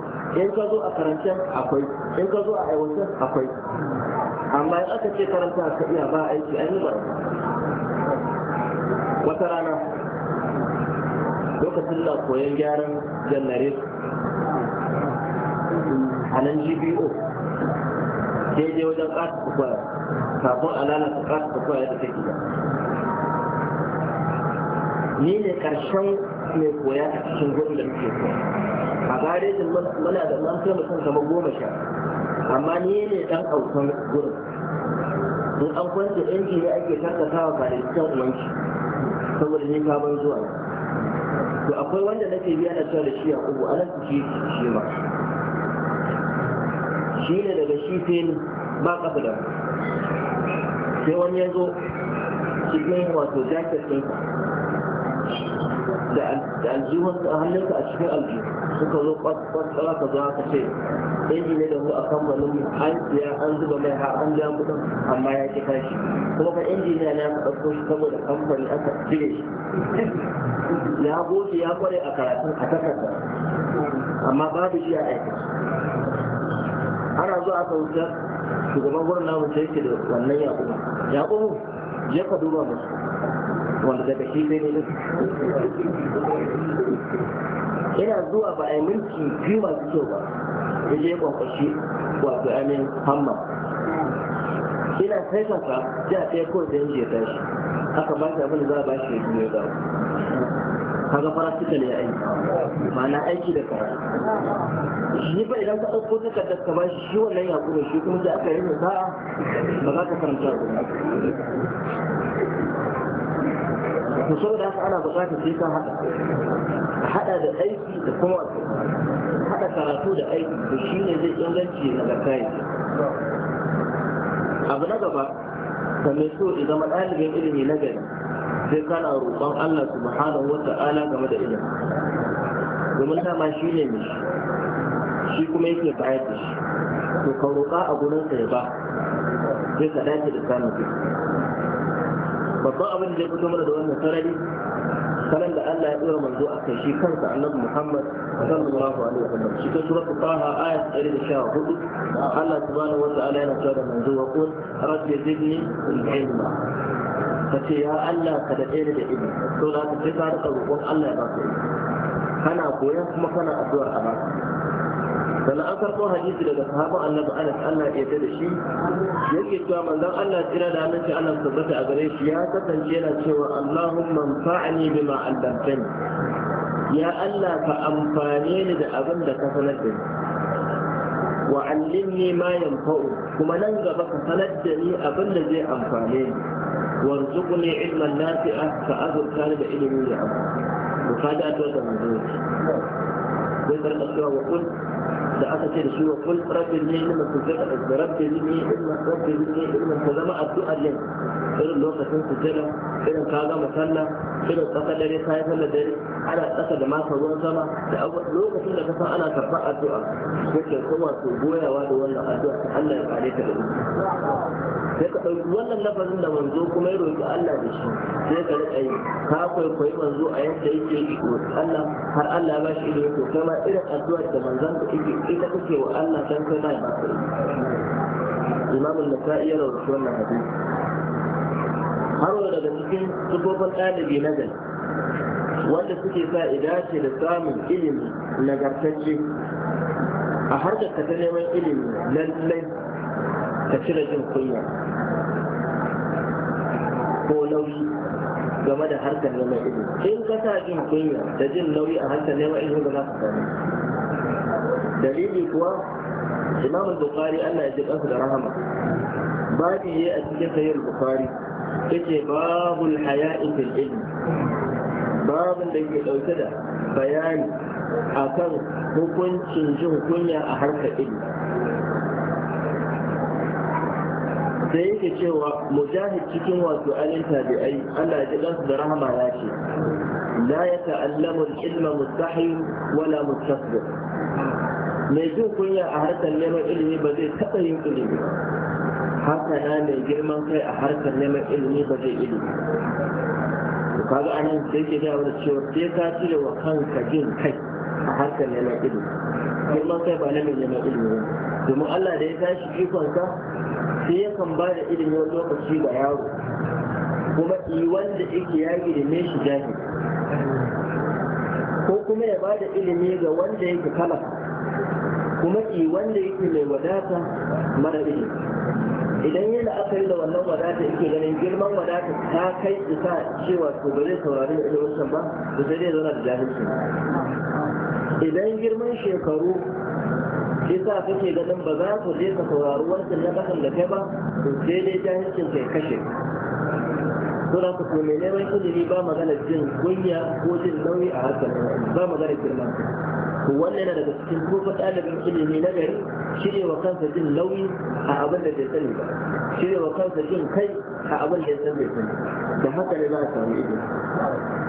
in ka zo a karancen akwai in ka zo a aiwatar akwai amma in aka ce karanta ka iya ba aiki an yi ba wata rana lokacin da koyon gyaran jannare a nan gbo daidai wajen ƙasa kuwa kafin a lalata ƙasa kuwa yadda take gida. ni ne ƙarshen mai koya a cikin gudun da muke koya a garejin mana da masu mutum kama goma sha amma ni ne dan aukan gurin in an kwanta ke ne ake karkatawa cikin umarci saboda ne kaban zuwa to akwai wanda nake biya na cewa da shi yaƙubu a nan shi shi ma shi ne daga shi sai ba kafa da sai wani ya zo cikin wato jacket ɗinka da aljihun da hannunka a cikin aljihu suka zo kwatsara ka za ka ce ɗaya ne da mu a kamfanin an siya an zuba mai har an ja kudin amma ya ki kashi kuma ka injiniya na ya ɗauko shi saboda kamfani aka cire shi ya goce ya kware a karatun a takarda amma babu shi a aiki ana zuwa aka wuce shugaban gwamnati namu sai ke da wannan yakubu yakubu je ka duba musu wanda daga shi sai ne yana zuwa ba a yi mulki biyu masu kyau ba ya je kwankwashi wato amin hamma ina sai kansa ja sai ko da yanzu ya tashi haka ba ta abin da za a ba shi ya biyo ba kaga farasita ne ya aiki ma'ana aiki da kara shi ba idan ka ɗauko takardar ka ba shi wannan ya kuma shi kuma da aka yi sa'a ba za ka karanta ba to da haka ana buƙatar sai ka haɗa haɗa da aiki da kuma haɗa karatu da aiki to shi ne zai inganci na garkayi abu na gaba ka mai so ya zama ilimi na gari sai kana roƙon Allah subhanahu wa ta'ala game da ilimi domin dama shi ne mai shi kuma yake bayar da shi to ka roƙa a gurin sa ya ba sai ka dace da samun babban abin da ya fito mana da wannan sarari sanan da Allah ya tsira manzo a kai shi kansa annabi Muhammad sallallahu alaihi wasallam shi ta suratul Taha ayat 114 Allah subhanahu wata'ala yana cewa da manzo wa qul rabbi zidni ilma kace ya Allah ka da ɗaya da ilmi to za ka ce ka da roƙon Allah ya baka kana koyon kuma kana addu'ar a baka sannan an karɓo hadisi daga sahaban annabi anas allah ya da shi yake cewa manzon allah tsira da hannun allah tabbata a gare shi ya kasance yana cewa allahumma fa'ani bima allamtani ya allah ka amfane ni da abin da ka sanar da ni wa allimni ma yanfa'u kuma nan gaba ka sanar da ni abin da zai amfane ni warzuqni ilman nafi'a ka azurta ni da ilimi da abu bukata ta da manzo sai ka rika cewa wa kul da aka ce da shi wa kul rabbi ne su sujjada da rabbi ne ilma rabbi ne ilma ka zama addu'a ne irin lokacin su jira irin ka gama sallah irin tsakar dare ka yi sallah dare ana tsaka da masa ruwan sama da lokacin da ka san ana karɓar addu'a kake kuma su goyawa da wannan addu'a Allah ya kare ka da sai ka ɗauki wannan lafazin da manzo kuma ya roƙi Allah da shi sai ka riƙa yi ka kwaikwayi manzo a yadda yake yi Allah har Allah ya bashi ido to kai ma irin addu'ar da manzon ka yake ita kake wa Allah san kai ma ba baka Imam an-Nasa'i ya rawaito wannan hadisi har wa daga cikin sufofin ɗalibi na gari wanda suke sa ce da samun ilimi nagartacce a harkar ta neman ilimi na ka cire jin kunya ko nauyi game da harkar neman ilimi in ka sa jin kunya da jin nauyi a harkar neman ilimi ba za ka sami dalili kuwa imam bukhari Allah ya ji kansa da rahama babu yi a cikin sahih bukhari yace babul haya'i fil ilmi babin da ke dauke da bayani akan hukuncin jin kunya a harkar ilimi da yake cewa mujahid cikin wasu alin tabi'ai Allah ya gansu da rahama ya ce la ya ta'allamu ilma mustahil wala mustasbir mai jin kunya a harkar neman ilimi ba zai taɓa yin ilimi haka na mai girman kai a harkar neman ilimi ba zai ilimi kaga anan sai ke gaya wani cewa sai ka cire wa kanka jin kai a harkar neman ilimi girman kai ba na mai neman ilimi domin Allah da ya tashi ikonsa sai yakan ba da ilimi wani lokaci ga yaro kuma i wanda yake ya girme shi jahil ko kuma ya ba da ilimi ga wanda yake kala kuma i wanda yake mai wadata mara ilimi idan yana aka yi da wannan wadata yake ganin girman wadata ta kai isa cewa to ba zai saurari da ilimin ba to sai zai zauna da jahilci idan girman shekaru yasa kake ganin ba za ku je ka saurari wancan na kasan da kai ba to sai dai jahilcin kai kashe suna ku mai neman ilimi ba magana jin gunya ko jin nauyi a hakan ba magana girman to wannan yana daga cikin tsofa ɗalibin ilimi na gari shirya wa kansa jin nauyi a abin da bai sani ba shirya wa kansa jin kai a abin da ya san bai sani da haka ne za a samu ido?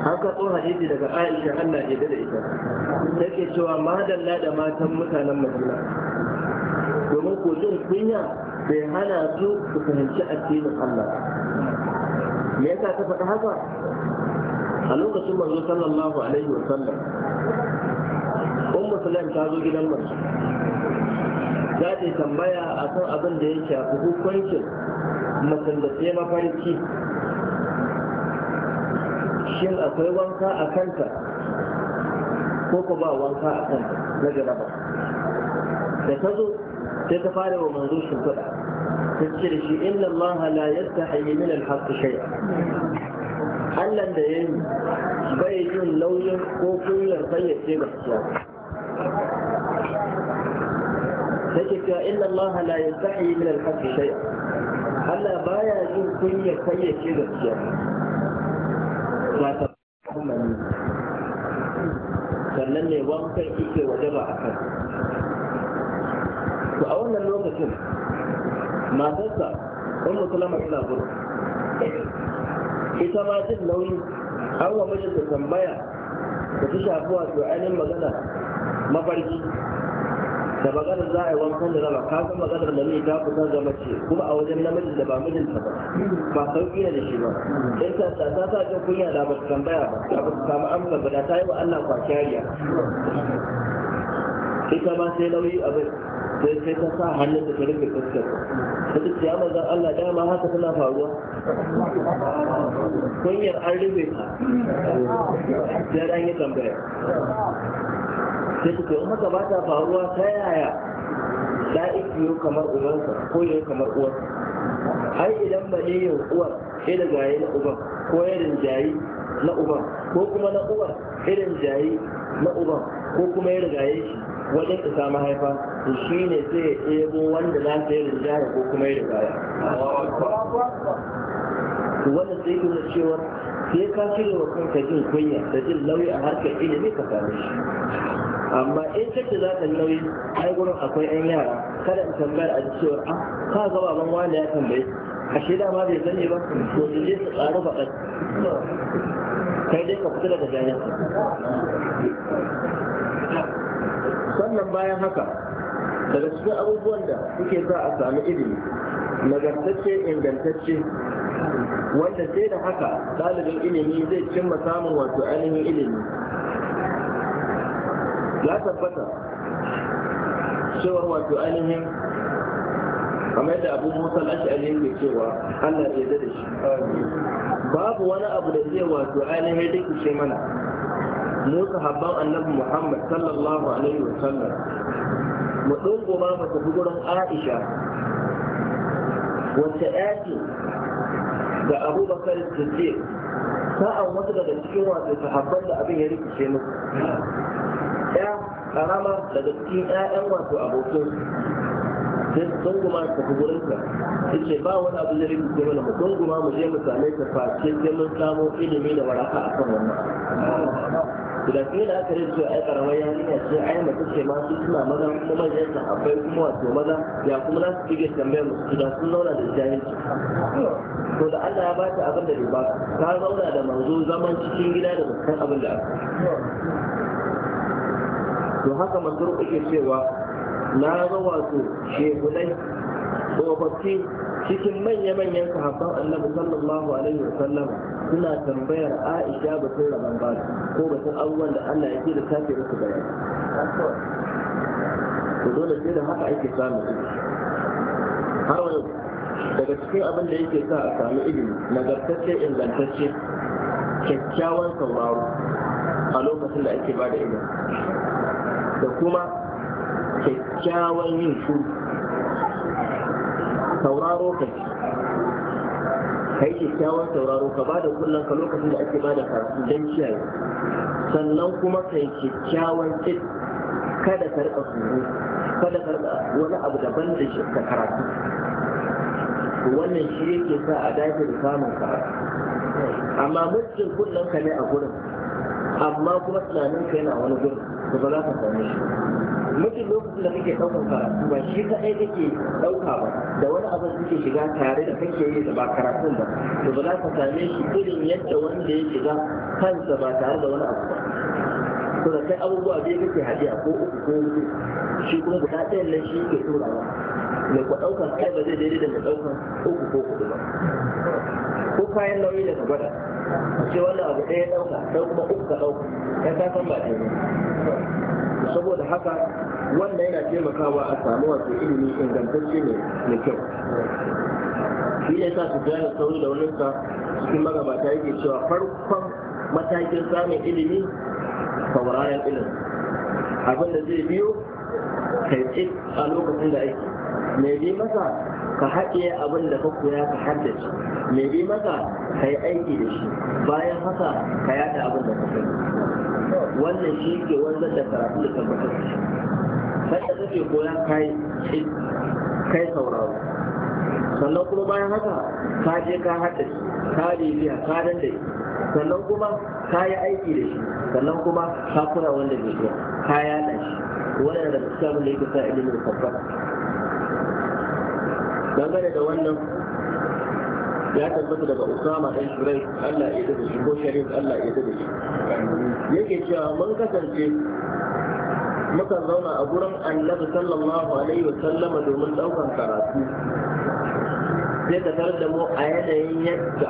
an karɓo hadisi daga aisha allah ya da ita take cewa madalla da matan mutanen madina domin ko jin kunya bai hana su su fahimci addinin allah me yasa ta faɗi haka a lokacin manzo sallallahu alaihi wa sallam mun musulun ta zo gidan mace za ta tambaya a kan abin da ya a hukuncin mutum da sai mafarki shin akwai wanka a kanta ko ko ba wanka a kanta na jaraba da ta zo sai ta fara wa manzo shimfiɗa ta ce da shi inna allaha la yastahi min al-haqqi shay'a Allah da ya yi bai jin nauyin ko kunyar bayyace gaskiya da yake cewa inna Allah la yastahi min al-haqq shay'a Allah baya jin kunya fayyace gaskiya mata kullani sannan ne wankan ike wajaba a kan to a wannan lokacin matarsa ummu salama tana gudu ita ma jin nauyi an wa mijinta tambaya da ta shafi wato ainihin magana mafarki da maganar za a yi wankan da raba kasan maganar da miji ta fita ga mace kuma a wajen namijin da ba mijinta ba ba sauki ne da shi ba in ta ta ta sa jin kunya da ba tambaya ba ta ba samu amsa ba da ta yi wa Allah kwakiyariya ita ma sai nauyi abin sai sai ta sa hannun da ta rufe fuskar ta duk ya manzan Allah dama haka tana faruwa kunyar an rufe ta sai an yi tambaya sai kuka yi maka ba ta faruwa ta yaya iki yau kamar ubansa ko yau kamar uwar ai idan ba ne yau uwar irin gaye na uban ko irin jayi na uban ko kuma na uwar irin jayi na uban ko kuma ya gaye shi wajen isa mahaifa to shi ne sai ya ɗebo wanda za ta da jaya ko kuma ya gaya to wannan sai kuma cewa sai ka shirya wa kanka jin kunya da jin lauyi a harkar ilimi ka same shi amma in kace za ka nauyi ai gurin akwai yan yara kada in tambayar a cewa a ah, ka ga ban wanda ya tambaye ashe da ma bai sani ba to su je su tsaro faɗa kai dai ka fita daga jami'a sannan bayan haka daga cikin abubuwan da suke sa a sami ilimi nagartacce ingantacce wanda sai da haka ɗalibin ilimi zai cimma samun wato ainihin ilimi ya tabbata cewar wato ainihin kamar yadda abu musa ainihin ke cewa allah ya da shi babu wani abu da zai wato ainihin rikice mana musa habban annabi muhammad sallallahu alaihi wa sallam mu dungo ba mu tafi gurin aisha wacce yaki da da ce sa'an wata daga cikin wato sahabban da abin ya rikice musu ɗaya karama daga cikin ƴaƴan wato abokin sai su tunguma su tafi gurin ka yace ba wani abu da rikice mana mu tunguma mu je mu same ta face sai mun samu ilimi da waraka a kan wannan da ke da aka rinto ai karamar yarinya ce ai mace ce ma su suna maza kuma manyan akwai kuma wato maza ya kuma za su fige tambayar musu da sun zauna da jahilci to da Allah ya bata abin da bai ba ka zauna da manzo zaman cikin gida da mutan abin da aka to haka manzon kuke cewa na ga wato shehunai tsofaffi cikin manya-manyan sahabban annabi sallallahu alaihi wasallam suna tambayar aisha ba batun rabon ba ko ba batun abubuwan da allah yake da tafi musu bayani to dole sai da haka ake samun ilimi har wani daga cikin abin da yake sa a samu ilimi nagartacce ingantacce kyakkyawan sauraro a lokacin da ake ba da ilimi da kuma kyakkyawan yin shuru sauraro ka ji ka yi kyakkyawan sauraro ka ba da kullum ka lokacin da ake ba da karatu don kiyaye sannan kuma ka yi kyakkyawan tsit kada ka rika kuru kada ka rika wani abu daban da shi ka karatu wannan shi yake sa a dace da samun karatu amma mutum kullum ka ne a gurin amma kuma tunanin ka yana wani gurin to ba za ka same shi mutum lokacin da kake ɗaukar karatu ba shi kaɗai kake ɗauka ba da wani abu kake shiga tare da kake yi da ba karatun ba to ba za ka same shi irin yadda wanda ya shiga kansa ba tare da wani abu ba to da kai abubuwa biyu kake hadiya ko uku ko huɗu shi kuma guda ɗayan nan shi ke turawa mai ku daukan kai ba zai daidai da mai ɗaukan uku ko kuɗi ba ko kayan nauyi da ka da ce wannan abu ɗaya ɗauka ɗau kuma uku ka ɗauka kai ka san ba daidai saboda haka wannan yana taimakawa a samu wasu ilimi ingantacce ne mai kyau shi ne sa su gane sauri da wani sa cikin magabata yake cewa farkon matakin samun ilimi sauraron ilimi abin da zai biyo kai a lokacin da ake mai bi masa ka haɗiye abin da ka koya ka haddace mai bi masa ka yi aiki da shi bayan haka ka yada abin da ka sani wannan shi ke wanda da karatu da tabbatar da shi kai da kake koya kai kai sauraro sannan kuma bayan haka ka je ka shi, ka bibiya ka dandai sannan kuma ka yi aiki da shi sannan kuma ka kula wanda bai iya ka yada shi wannan da suka abin da yake sa ilimin tabbata dangane da wannan ya tabbata daga Usama ɗan shirai Allah ya dade ko Sharif Allah ya dade shi yake cewa mun kasance muka zauna a gurin Annabi sallallahu alaihi wa sallama domin ɗaukar karatu sai ka tarar da mu a yanayin yadda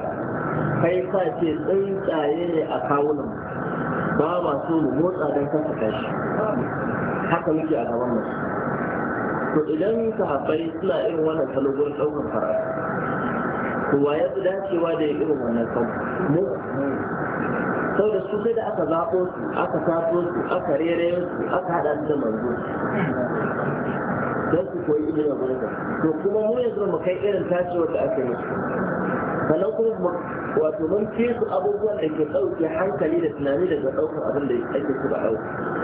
kai ka ce tsuntsaye ne a kawunan ba ma so mu motsa don kasa kashi. haka muke a gaban mu to idan sahabbai suna irin wannan salo gurin ɗaukar farashi kuwa ya fi dacewa da ya irin wannan salo mu sau da su sai da aka zaɓo su aka sato su aka rere su aka haɗa su da manzo don su koyi ilimin gurin to kuma mu yanzu mu kai irin tacewa da aka yi sannan kuma wato mun fi su abubuwan da ke ɗauke hankali da tunani daga ɗaukar abin da ake su ba ɗauka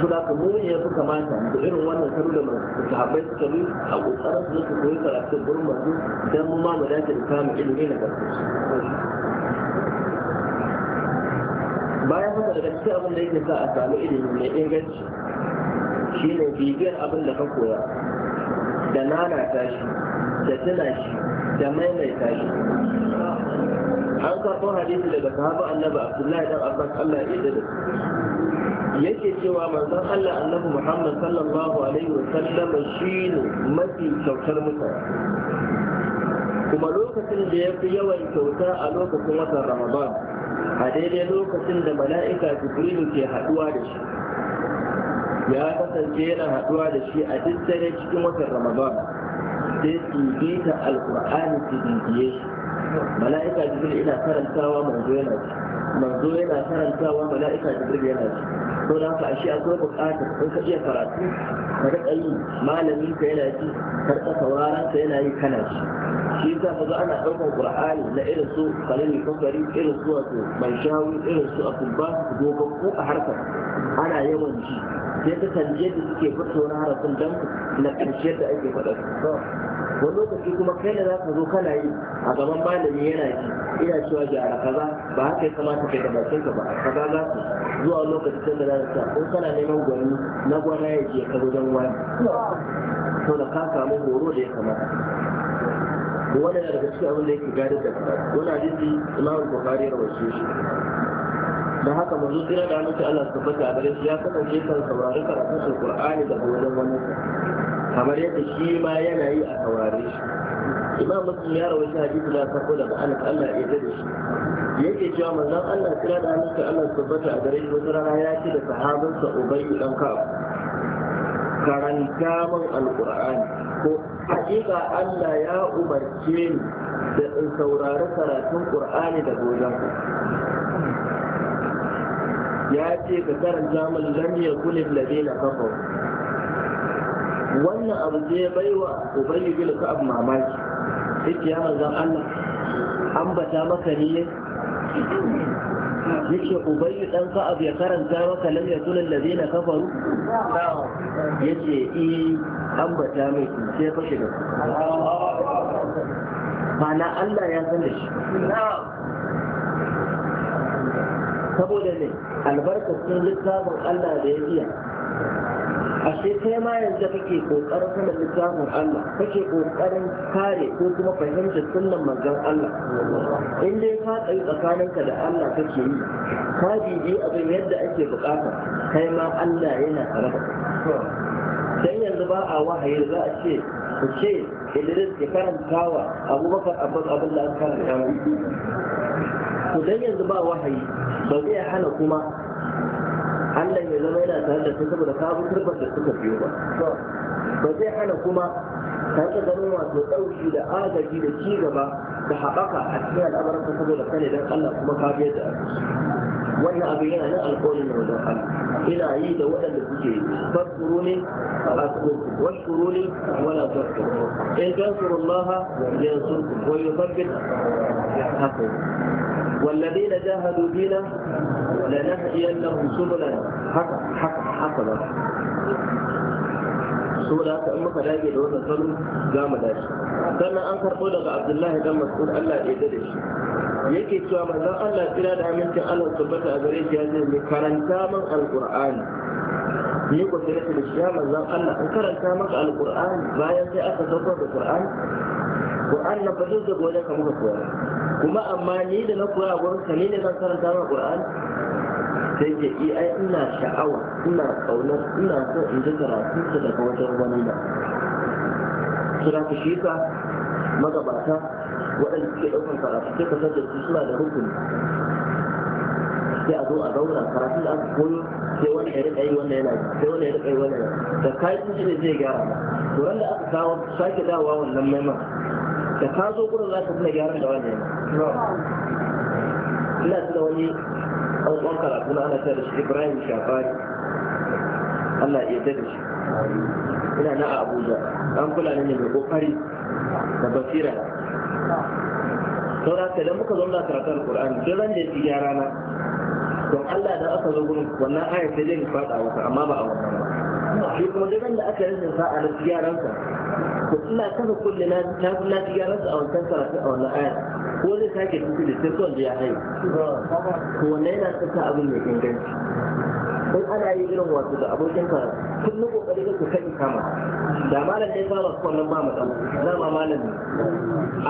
su da ka mu ya yafi kamata da irin wannan karo da sahabbai suka bi a kokarin su su koyi karatu gurin masu don mu ma mu dace da samun ilimi na karatu bayan haka daga cikin abin da yake sa a sami ilimi mai inganci shi ne bibiyar abin da ka koya da nanata shi da tuna shi da maimaita shi an karɓo hadisi daga sahaba annabi abdullahi dan abbas allah ya da yake cewa manzon Allah annabi Muhammad sallallahu alaihi wa sallam shine mafi kyautar mutane kuma lokacin da ya fi yawan kyauta a lokacin watan Ramadan a daidai lokacin da mala'ika Jibrilu ke haduwa da shi ya kasance yana haduwa da shi a duk dare cikin watan Ramadan sai su ta alqur'ani su yi shi mala'ika Jibril ina karantawa manzo yana manzo yana karantawa mala'ika jibril yana ji to na haka ashe akwai buƙatar in ka iya karatu ka riƙa yi malamin ka yana ji ka sauraron ka yana yi kana ji shi yasa ka ana ɗaukar ƙur'ani na irin su kalimi kokari irin su wato mai shawi irin su akubba dogon ko a harkar ana yawan ji sai ka kalli yadda suke fitowa harafin dan na ƙarshe da ake faɗa wani lokaci kuma kai da za ka zo kana yi a gaban malami yana yi ina cewa gyara kaza ba haka ya kamata kai da bakin ka ba kaza za su zuwa lokacin da za ka sa kana neman gwani na gwana ya je ka wajen wani to da ka samu horo da ya kamata wannan yana daga cikin abin da yake gadi da wani hadisi imamu bukari ya wasu shi da haka mazu tsira da annabi Allah a gare shi ya kasance kan saurari karatun Kur'ani da wajen wani kamar yadda shi ma yana yi a saurare shi imam muslim ya rawaita hadisi da sako daga anas Allah ya dade shi yake cewa manzon Allah kira da hannunsa Allah tabbata a gare shi wata rana ya ce da sahabansa ubay dan ka'ab karanta min alqur'ani ko hakika Allah ya umarce ni da in saurari karatun qur'ani da gojan ya ce ka karanta min lam yakul alladhina kafaru wannan abu ne ya baiwa ubayyu bin ka'ab mamaki yake ya manzan Allah ambata maka ne yake ubayyu dan ka'ab ya karanta maka lam yakul allazina kafaru ce, eh ambata mai sai fashe da na Allah ya san da shi saboda ne albarkacin littafin Allah da ya biya ashe kai ma yanzu kake kokarin kana littafin Allah kake kokarin kare ko kuma fahimtar sunnan manzon Allah in dai ka tsayi tsakaninka da Allah kake yi ka bibi abin yadda ake bukata kai ma Allah yana tare da dan yanzu ba a wahayi za a ce ku ce Idris ke karantawa Abubakar Abbas abin da aka karanta ku dan yanzu ba wahayi ba zai hana kuma Allah ya zama yana tare da su saboda kawo turbar da suka biyo ba ba zai hana kuma ka rika ganin wato ɗauki da agaji da ci gaba da haɓaka a cikin al'amuran ka saboda kane don Allah kuma ka biyar da wannan abu yana nan alƙawarin da wajen Allah ina yi da waɗanda suke yi fasuru ne واشكروا لي ولا تشكروا إن تنصروا الله ينصركم ويثبت حقكم والذين جاهدوا فينا لنهدينهم سبلنا حق حق حق حق سورة أم خلاقي لوزة صلو جامع داشا كما أنكر قول لك عبد الله جامع مسؤول ألا إدريش يكي سوامة لا ألا إدريد عملك ألا سبت أدريش يزيز من كرنتاما القرآن يكو سيرت الإشيام لا ألا كرنتاما القرآن باية أكثر صوت القرآن وأن نفذوك بوليك مخطوة kuma amma ni da na kura a ka ni ne zan karanta ma qur'ani sai ke yi eh, ai ina sha'awa ina ƙaunar, ina so in ji karatun sa daga wajen wani da suna ku shi ka magabata waɗanda suke ɗaukar karatu sai ka san da su suna da rukuni sai a zo a zauna karatun da aka koyo sai wani ya riƙa yi wannan yana sai wani ya riƙa yi wannan yana da kayan shi ne zai gyara to wanda da aka kawo sake dawowa wannan maimakon da ka zo gurin za ka tuna gyaran da wani yana ina tuna wani an kwan karatu na ana ta da shi ibrahim shafari allah ya da shi ina na abuja an kula ne mai kokari da basira saura ka idan muka zauna karatun alkur'ani duk ran da ya na, don allah da aka zo gurin wannan ayar sai zai fada wata amma ba a wannan ba shi kuma duk ran da aka yi rashin sa'a na yaransa to ina kasa kulle na na yaransa a wancan karatun a wannan ayar ko zai sake tutu da sai son ya haihu ko wannan yana tsaka abin mai inganci in ana yi irin wasu da abokin ka kullum kokari su kai kama da malam ne fara kwallon ba mu dan za ma malam ne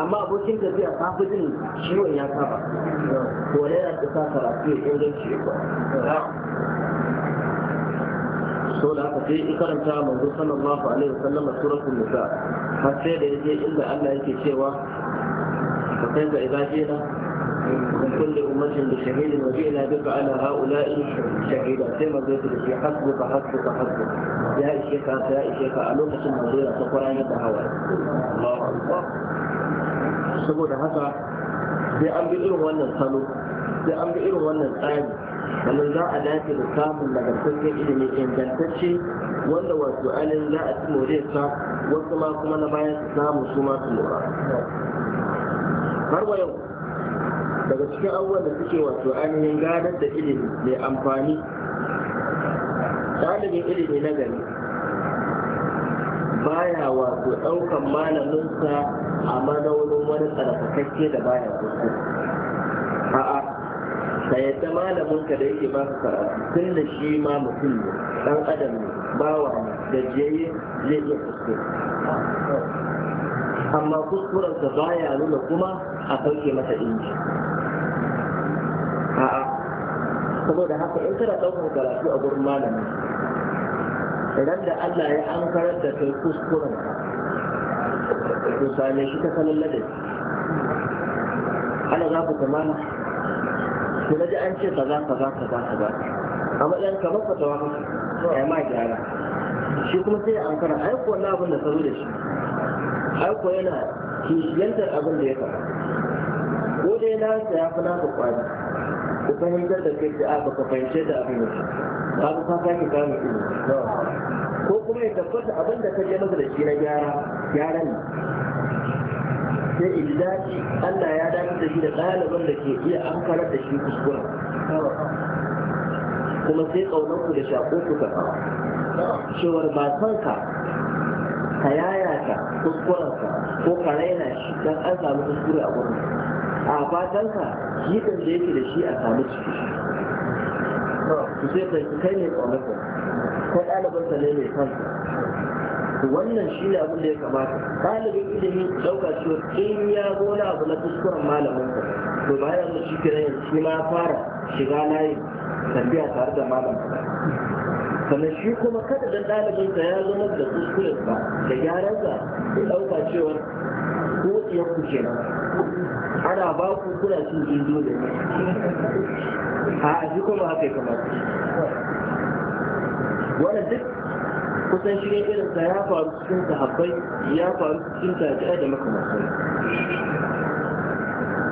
amma abokin ka zai kafa jin ciwon ya saba ko wannan yana tsaka karatu ya shi ya so da haka sai karanta manzo sallallahu alaihi wasallam suratul nisa har sai da yaje inda Allah yake cewa وكيف عبادينا من كل أمة بشهيد وجئنا بك على هؤلاء الشهيدة كما قلت لك في حسب فحسب يا شيخ يا شيخ ألوك سن مريرة القرآن الدهوى الله الله سبو يا بأم بإلو وانا الخلو بأم بإلو وانا الآن ومن ذا ألاك الكام لما تلك إذن إن تلتشي وانا وسؤال لا أتمو ريسا وانا ما كمان بايا سنا مسومات المرأة har wa yau daga cikin abubuwan da suke wato ainihin gadar da ilimi mai amfani ɗalibin ilimi na gari baya wato ɗaukan malaminsa a manaunin wani tsarafakakke da baya kuskure a'a ka yadda malaminka da yake ba karatu tun da shi ma mutum ne ɗan adam ne bawa ne gajiyayye zai iya kusa amma kuskurensa baya nuna kuma a sauke masa inji a'a saboda haka in kana ɗaukar karatu a gurin malami. idan da Allah ya an karar da kai kuskuren to same shi ta kalan ladai ana za ku kamana ku na ji an ce kaza kaza kaza kaza a matsayin tawa ka ai ma gyara shi kuma sai an kara ai ko na abin da ka zo da shi har ko yana kishiyantar abin da ya faru ko dai na ya fi naka kwari ku fahimtar da kai a baka fahimce da abin yake ba ka sake kama ilimi ko kuma ya tabbata abin da ka je masa da shi na gyara gyara ne sai in Allah ya dace da shi da ɗaliban da ke iya ankarar da shi kuskuren kuma sai ku da shaƙo ku ta cewar ba ka ka kuskurensa ko karaina shi don an samu kuskure a gurin a fatansa shi ɗin da yake da shi a samu ciki ku sai ka kai ne ƙaunarsa ko ɗalibansa ne mai kansa wannan shi ne abin da ya kamata ɗalibin ilimi ɗauka cewa in ya zo na abu na kuskuren malaminsa to bayan da shi ke shi ma fara shiga layi tafiya tare da malaminsa sannan shi kuma kada dan ɗalibinsa ya zama da ba da gyaran gyaransa ya ɗauka cewa ko ku ke nan, ana ba ku kuna cin dole da a shi kuma haka ya kamata Wani duk kusan shi ne irin sa ya faru cikin sahabbai ya faru cikin tabi'a da makamantan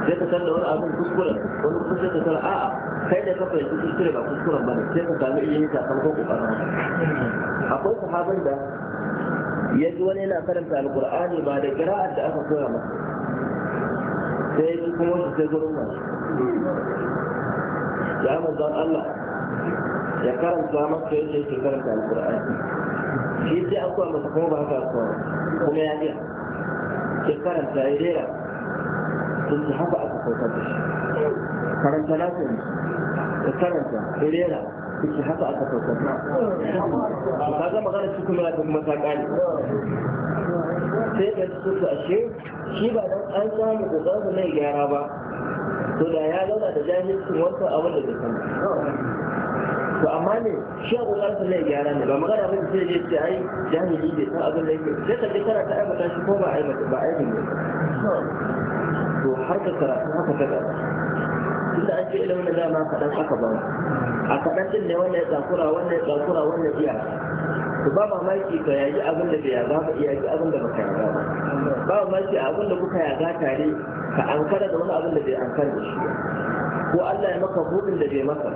sai ka san da wani abin kuskuren wani kusan ta san a'a kai da kafa yanzu kuskure ba kuskuren ba ne sai ka sami ilimin sakamakon kokarin akwai sahabin da ya ji wani yana karanta alkur'ani ba da kira'ar da aka koya masa sai ya kuma wasu sai gurin masu ya manzan Allah ya karanta masa yadda yake karanta alkur'ani shi sai an koya masa kuma ba haka koya kuma ya iya ya karanta ya rera sun haka aka kautar da shi karanta nasu da karanta da rera suke haka aka saukar ka ga magana su kuma ta kuma ta kare sai da su su ashe shi ba dan an samu da za su mai gyara ba to da ya zauna da jahilcin wancan abin da zai sani to amma ne shi a kokarin sa zai gyara ne ba magana ba sai je ce ai jahili bai san abin da yake sai ka je kana ta aibata shi ko ba aibata ba aibin ne to har ka karatu haka ta karatu da ake ilimin da dama kaɗan aka ba a kaɗan din ne wannan ya tsakura wannan ya tsakura wannan iya to ba mamaki ka yaji abin da bai ka iya yaji abin da baka yaga ba ba mamaki abin da kuka yaga tare ka ankara da wani abin da bai ankara da shi ko Allah ya maka buɗin da bai maka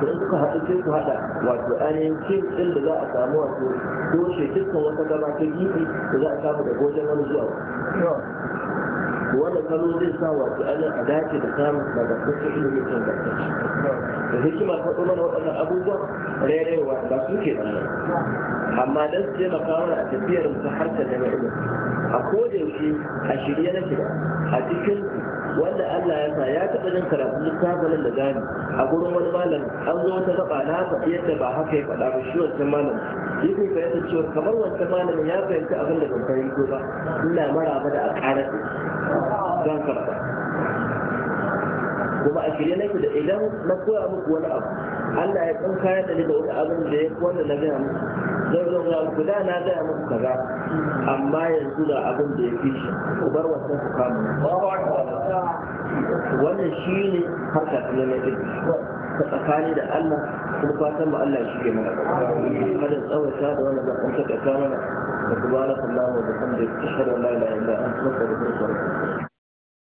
to in kuka haɗu sai ku haɗa wato ainihin cin ɗin da za a samu wato ko shi dukkan wata gaba ta gibi da za a samu da gojen wani zuwa wanda wannan zai sa wato ana a dace da samun nagartaccen ilimin kan gartacce da hikimar faɗo mana waɗannan abubuwan rerewa ba su ke ba, amma don su taimaka makawar a tafiyar ta harkar da ilimin a kodayaushe a shirye na shiga a cikin wanda Allah ya sa ya taɓa jin karatun littafin da gani a gurin wani malam an zo wata gaba na faɗi yadda ba haka ya faɗa ba shi wancan malam shi bai fahimta cewa kamar wancan malamin ya fahimta abin da ban fahimto ba ina maraba da a ƙarar don karɓa kuma a shirye nake da idan na koya muku wani abu Allah ya tsin kayan da ni da wani abin da ya wanda na gaya muku zai zo ga muku da na gaya muku kaza amma yanzu ga abin da ya fi shi ku bar wasan ku kama wannan shi ne harka ta neman ilimi ta tsakani da Allah kuma fatan ba Allah shi ke mana kada tsawaita da wannan zan ta tsaka mana da kuma Allah sallallahu alaihi wa sallam da shahada la ilaha illa anta astaghfiruka wa atubu ilaik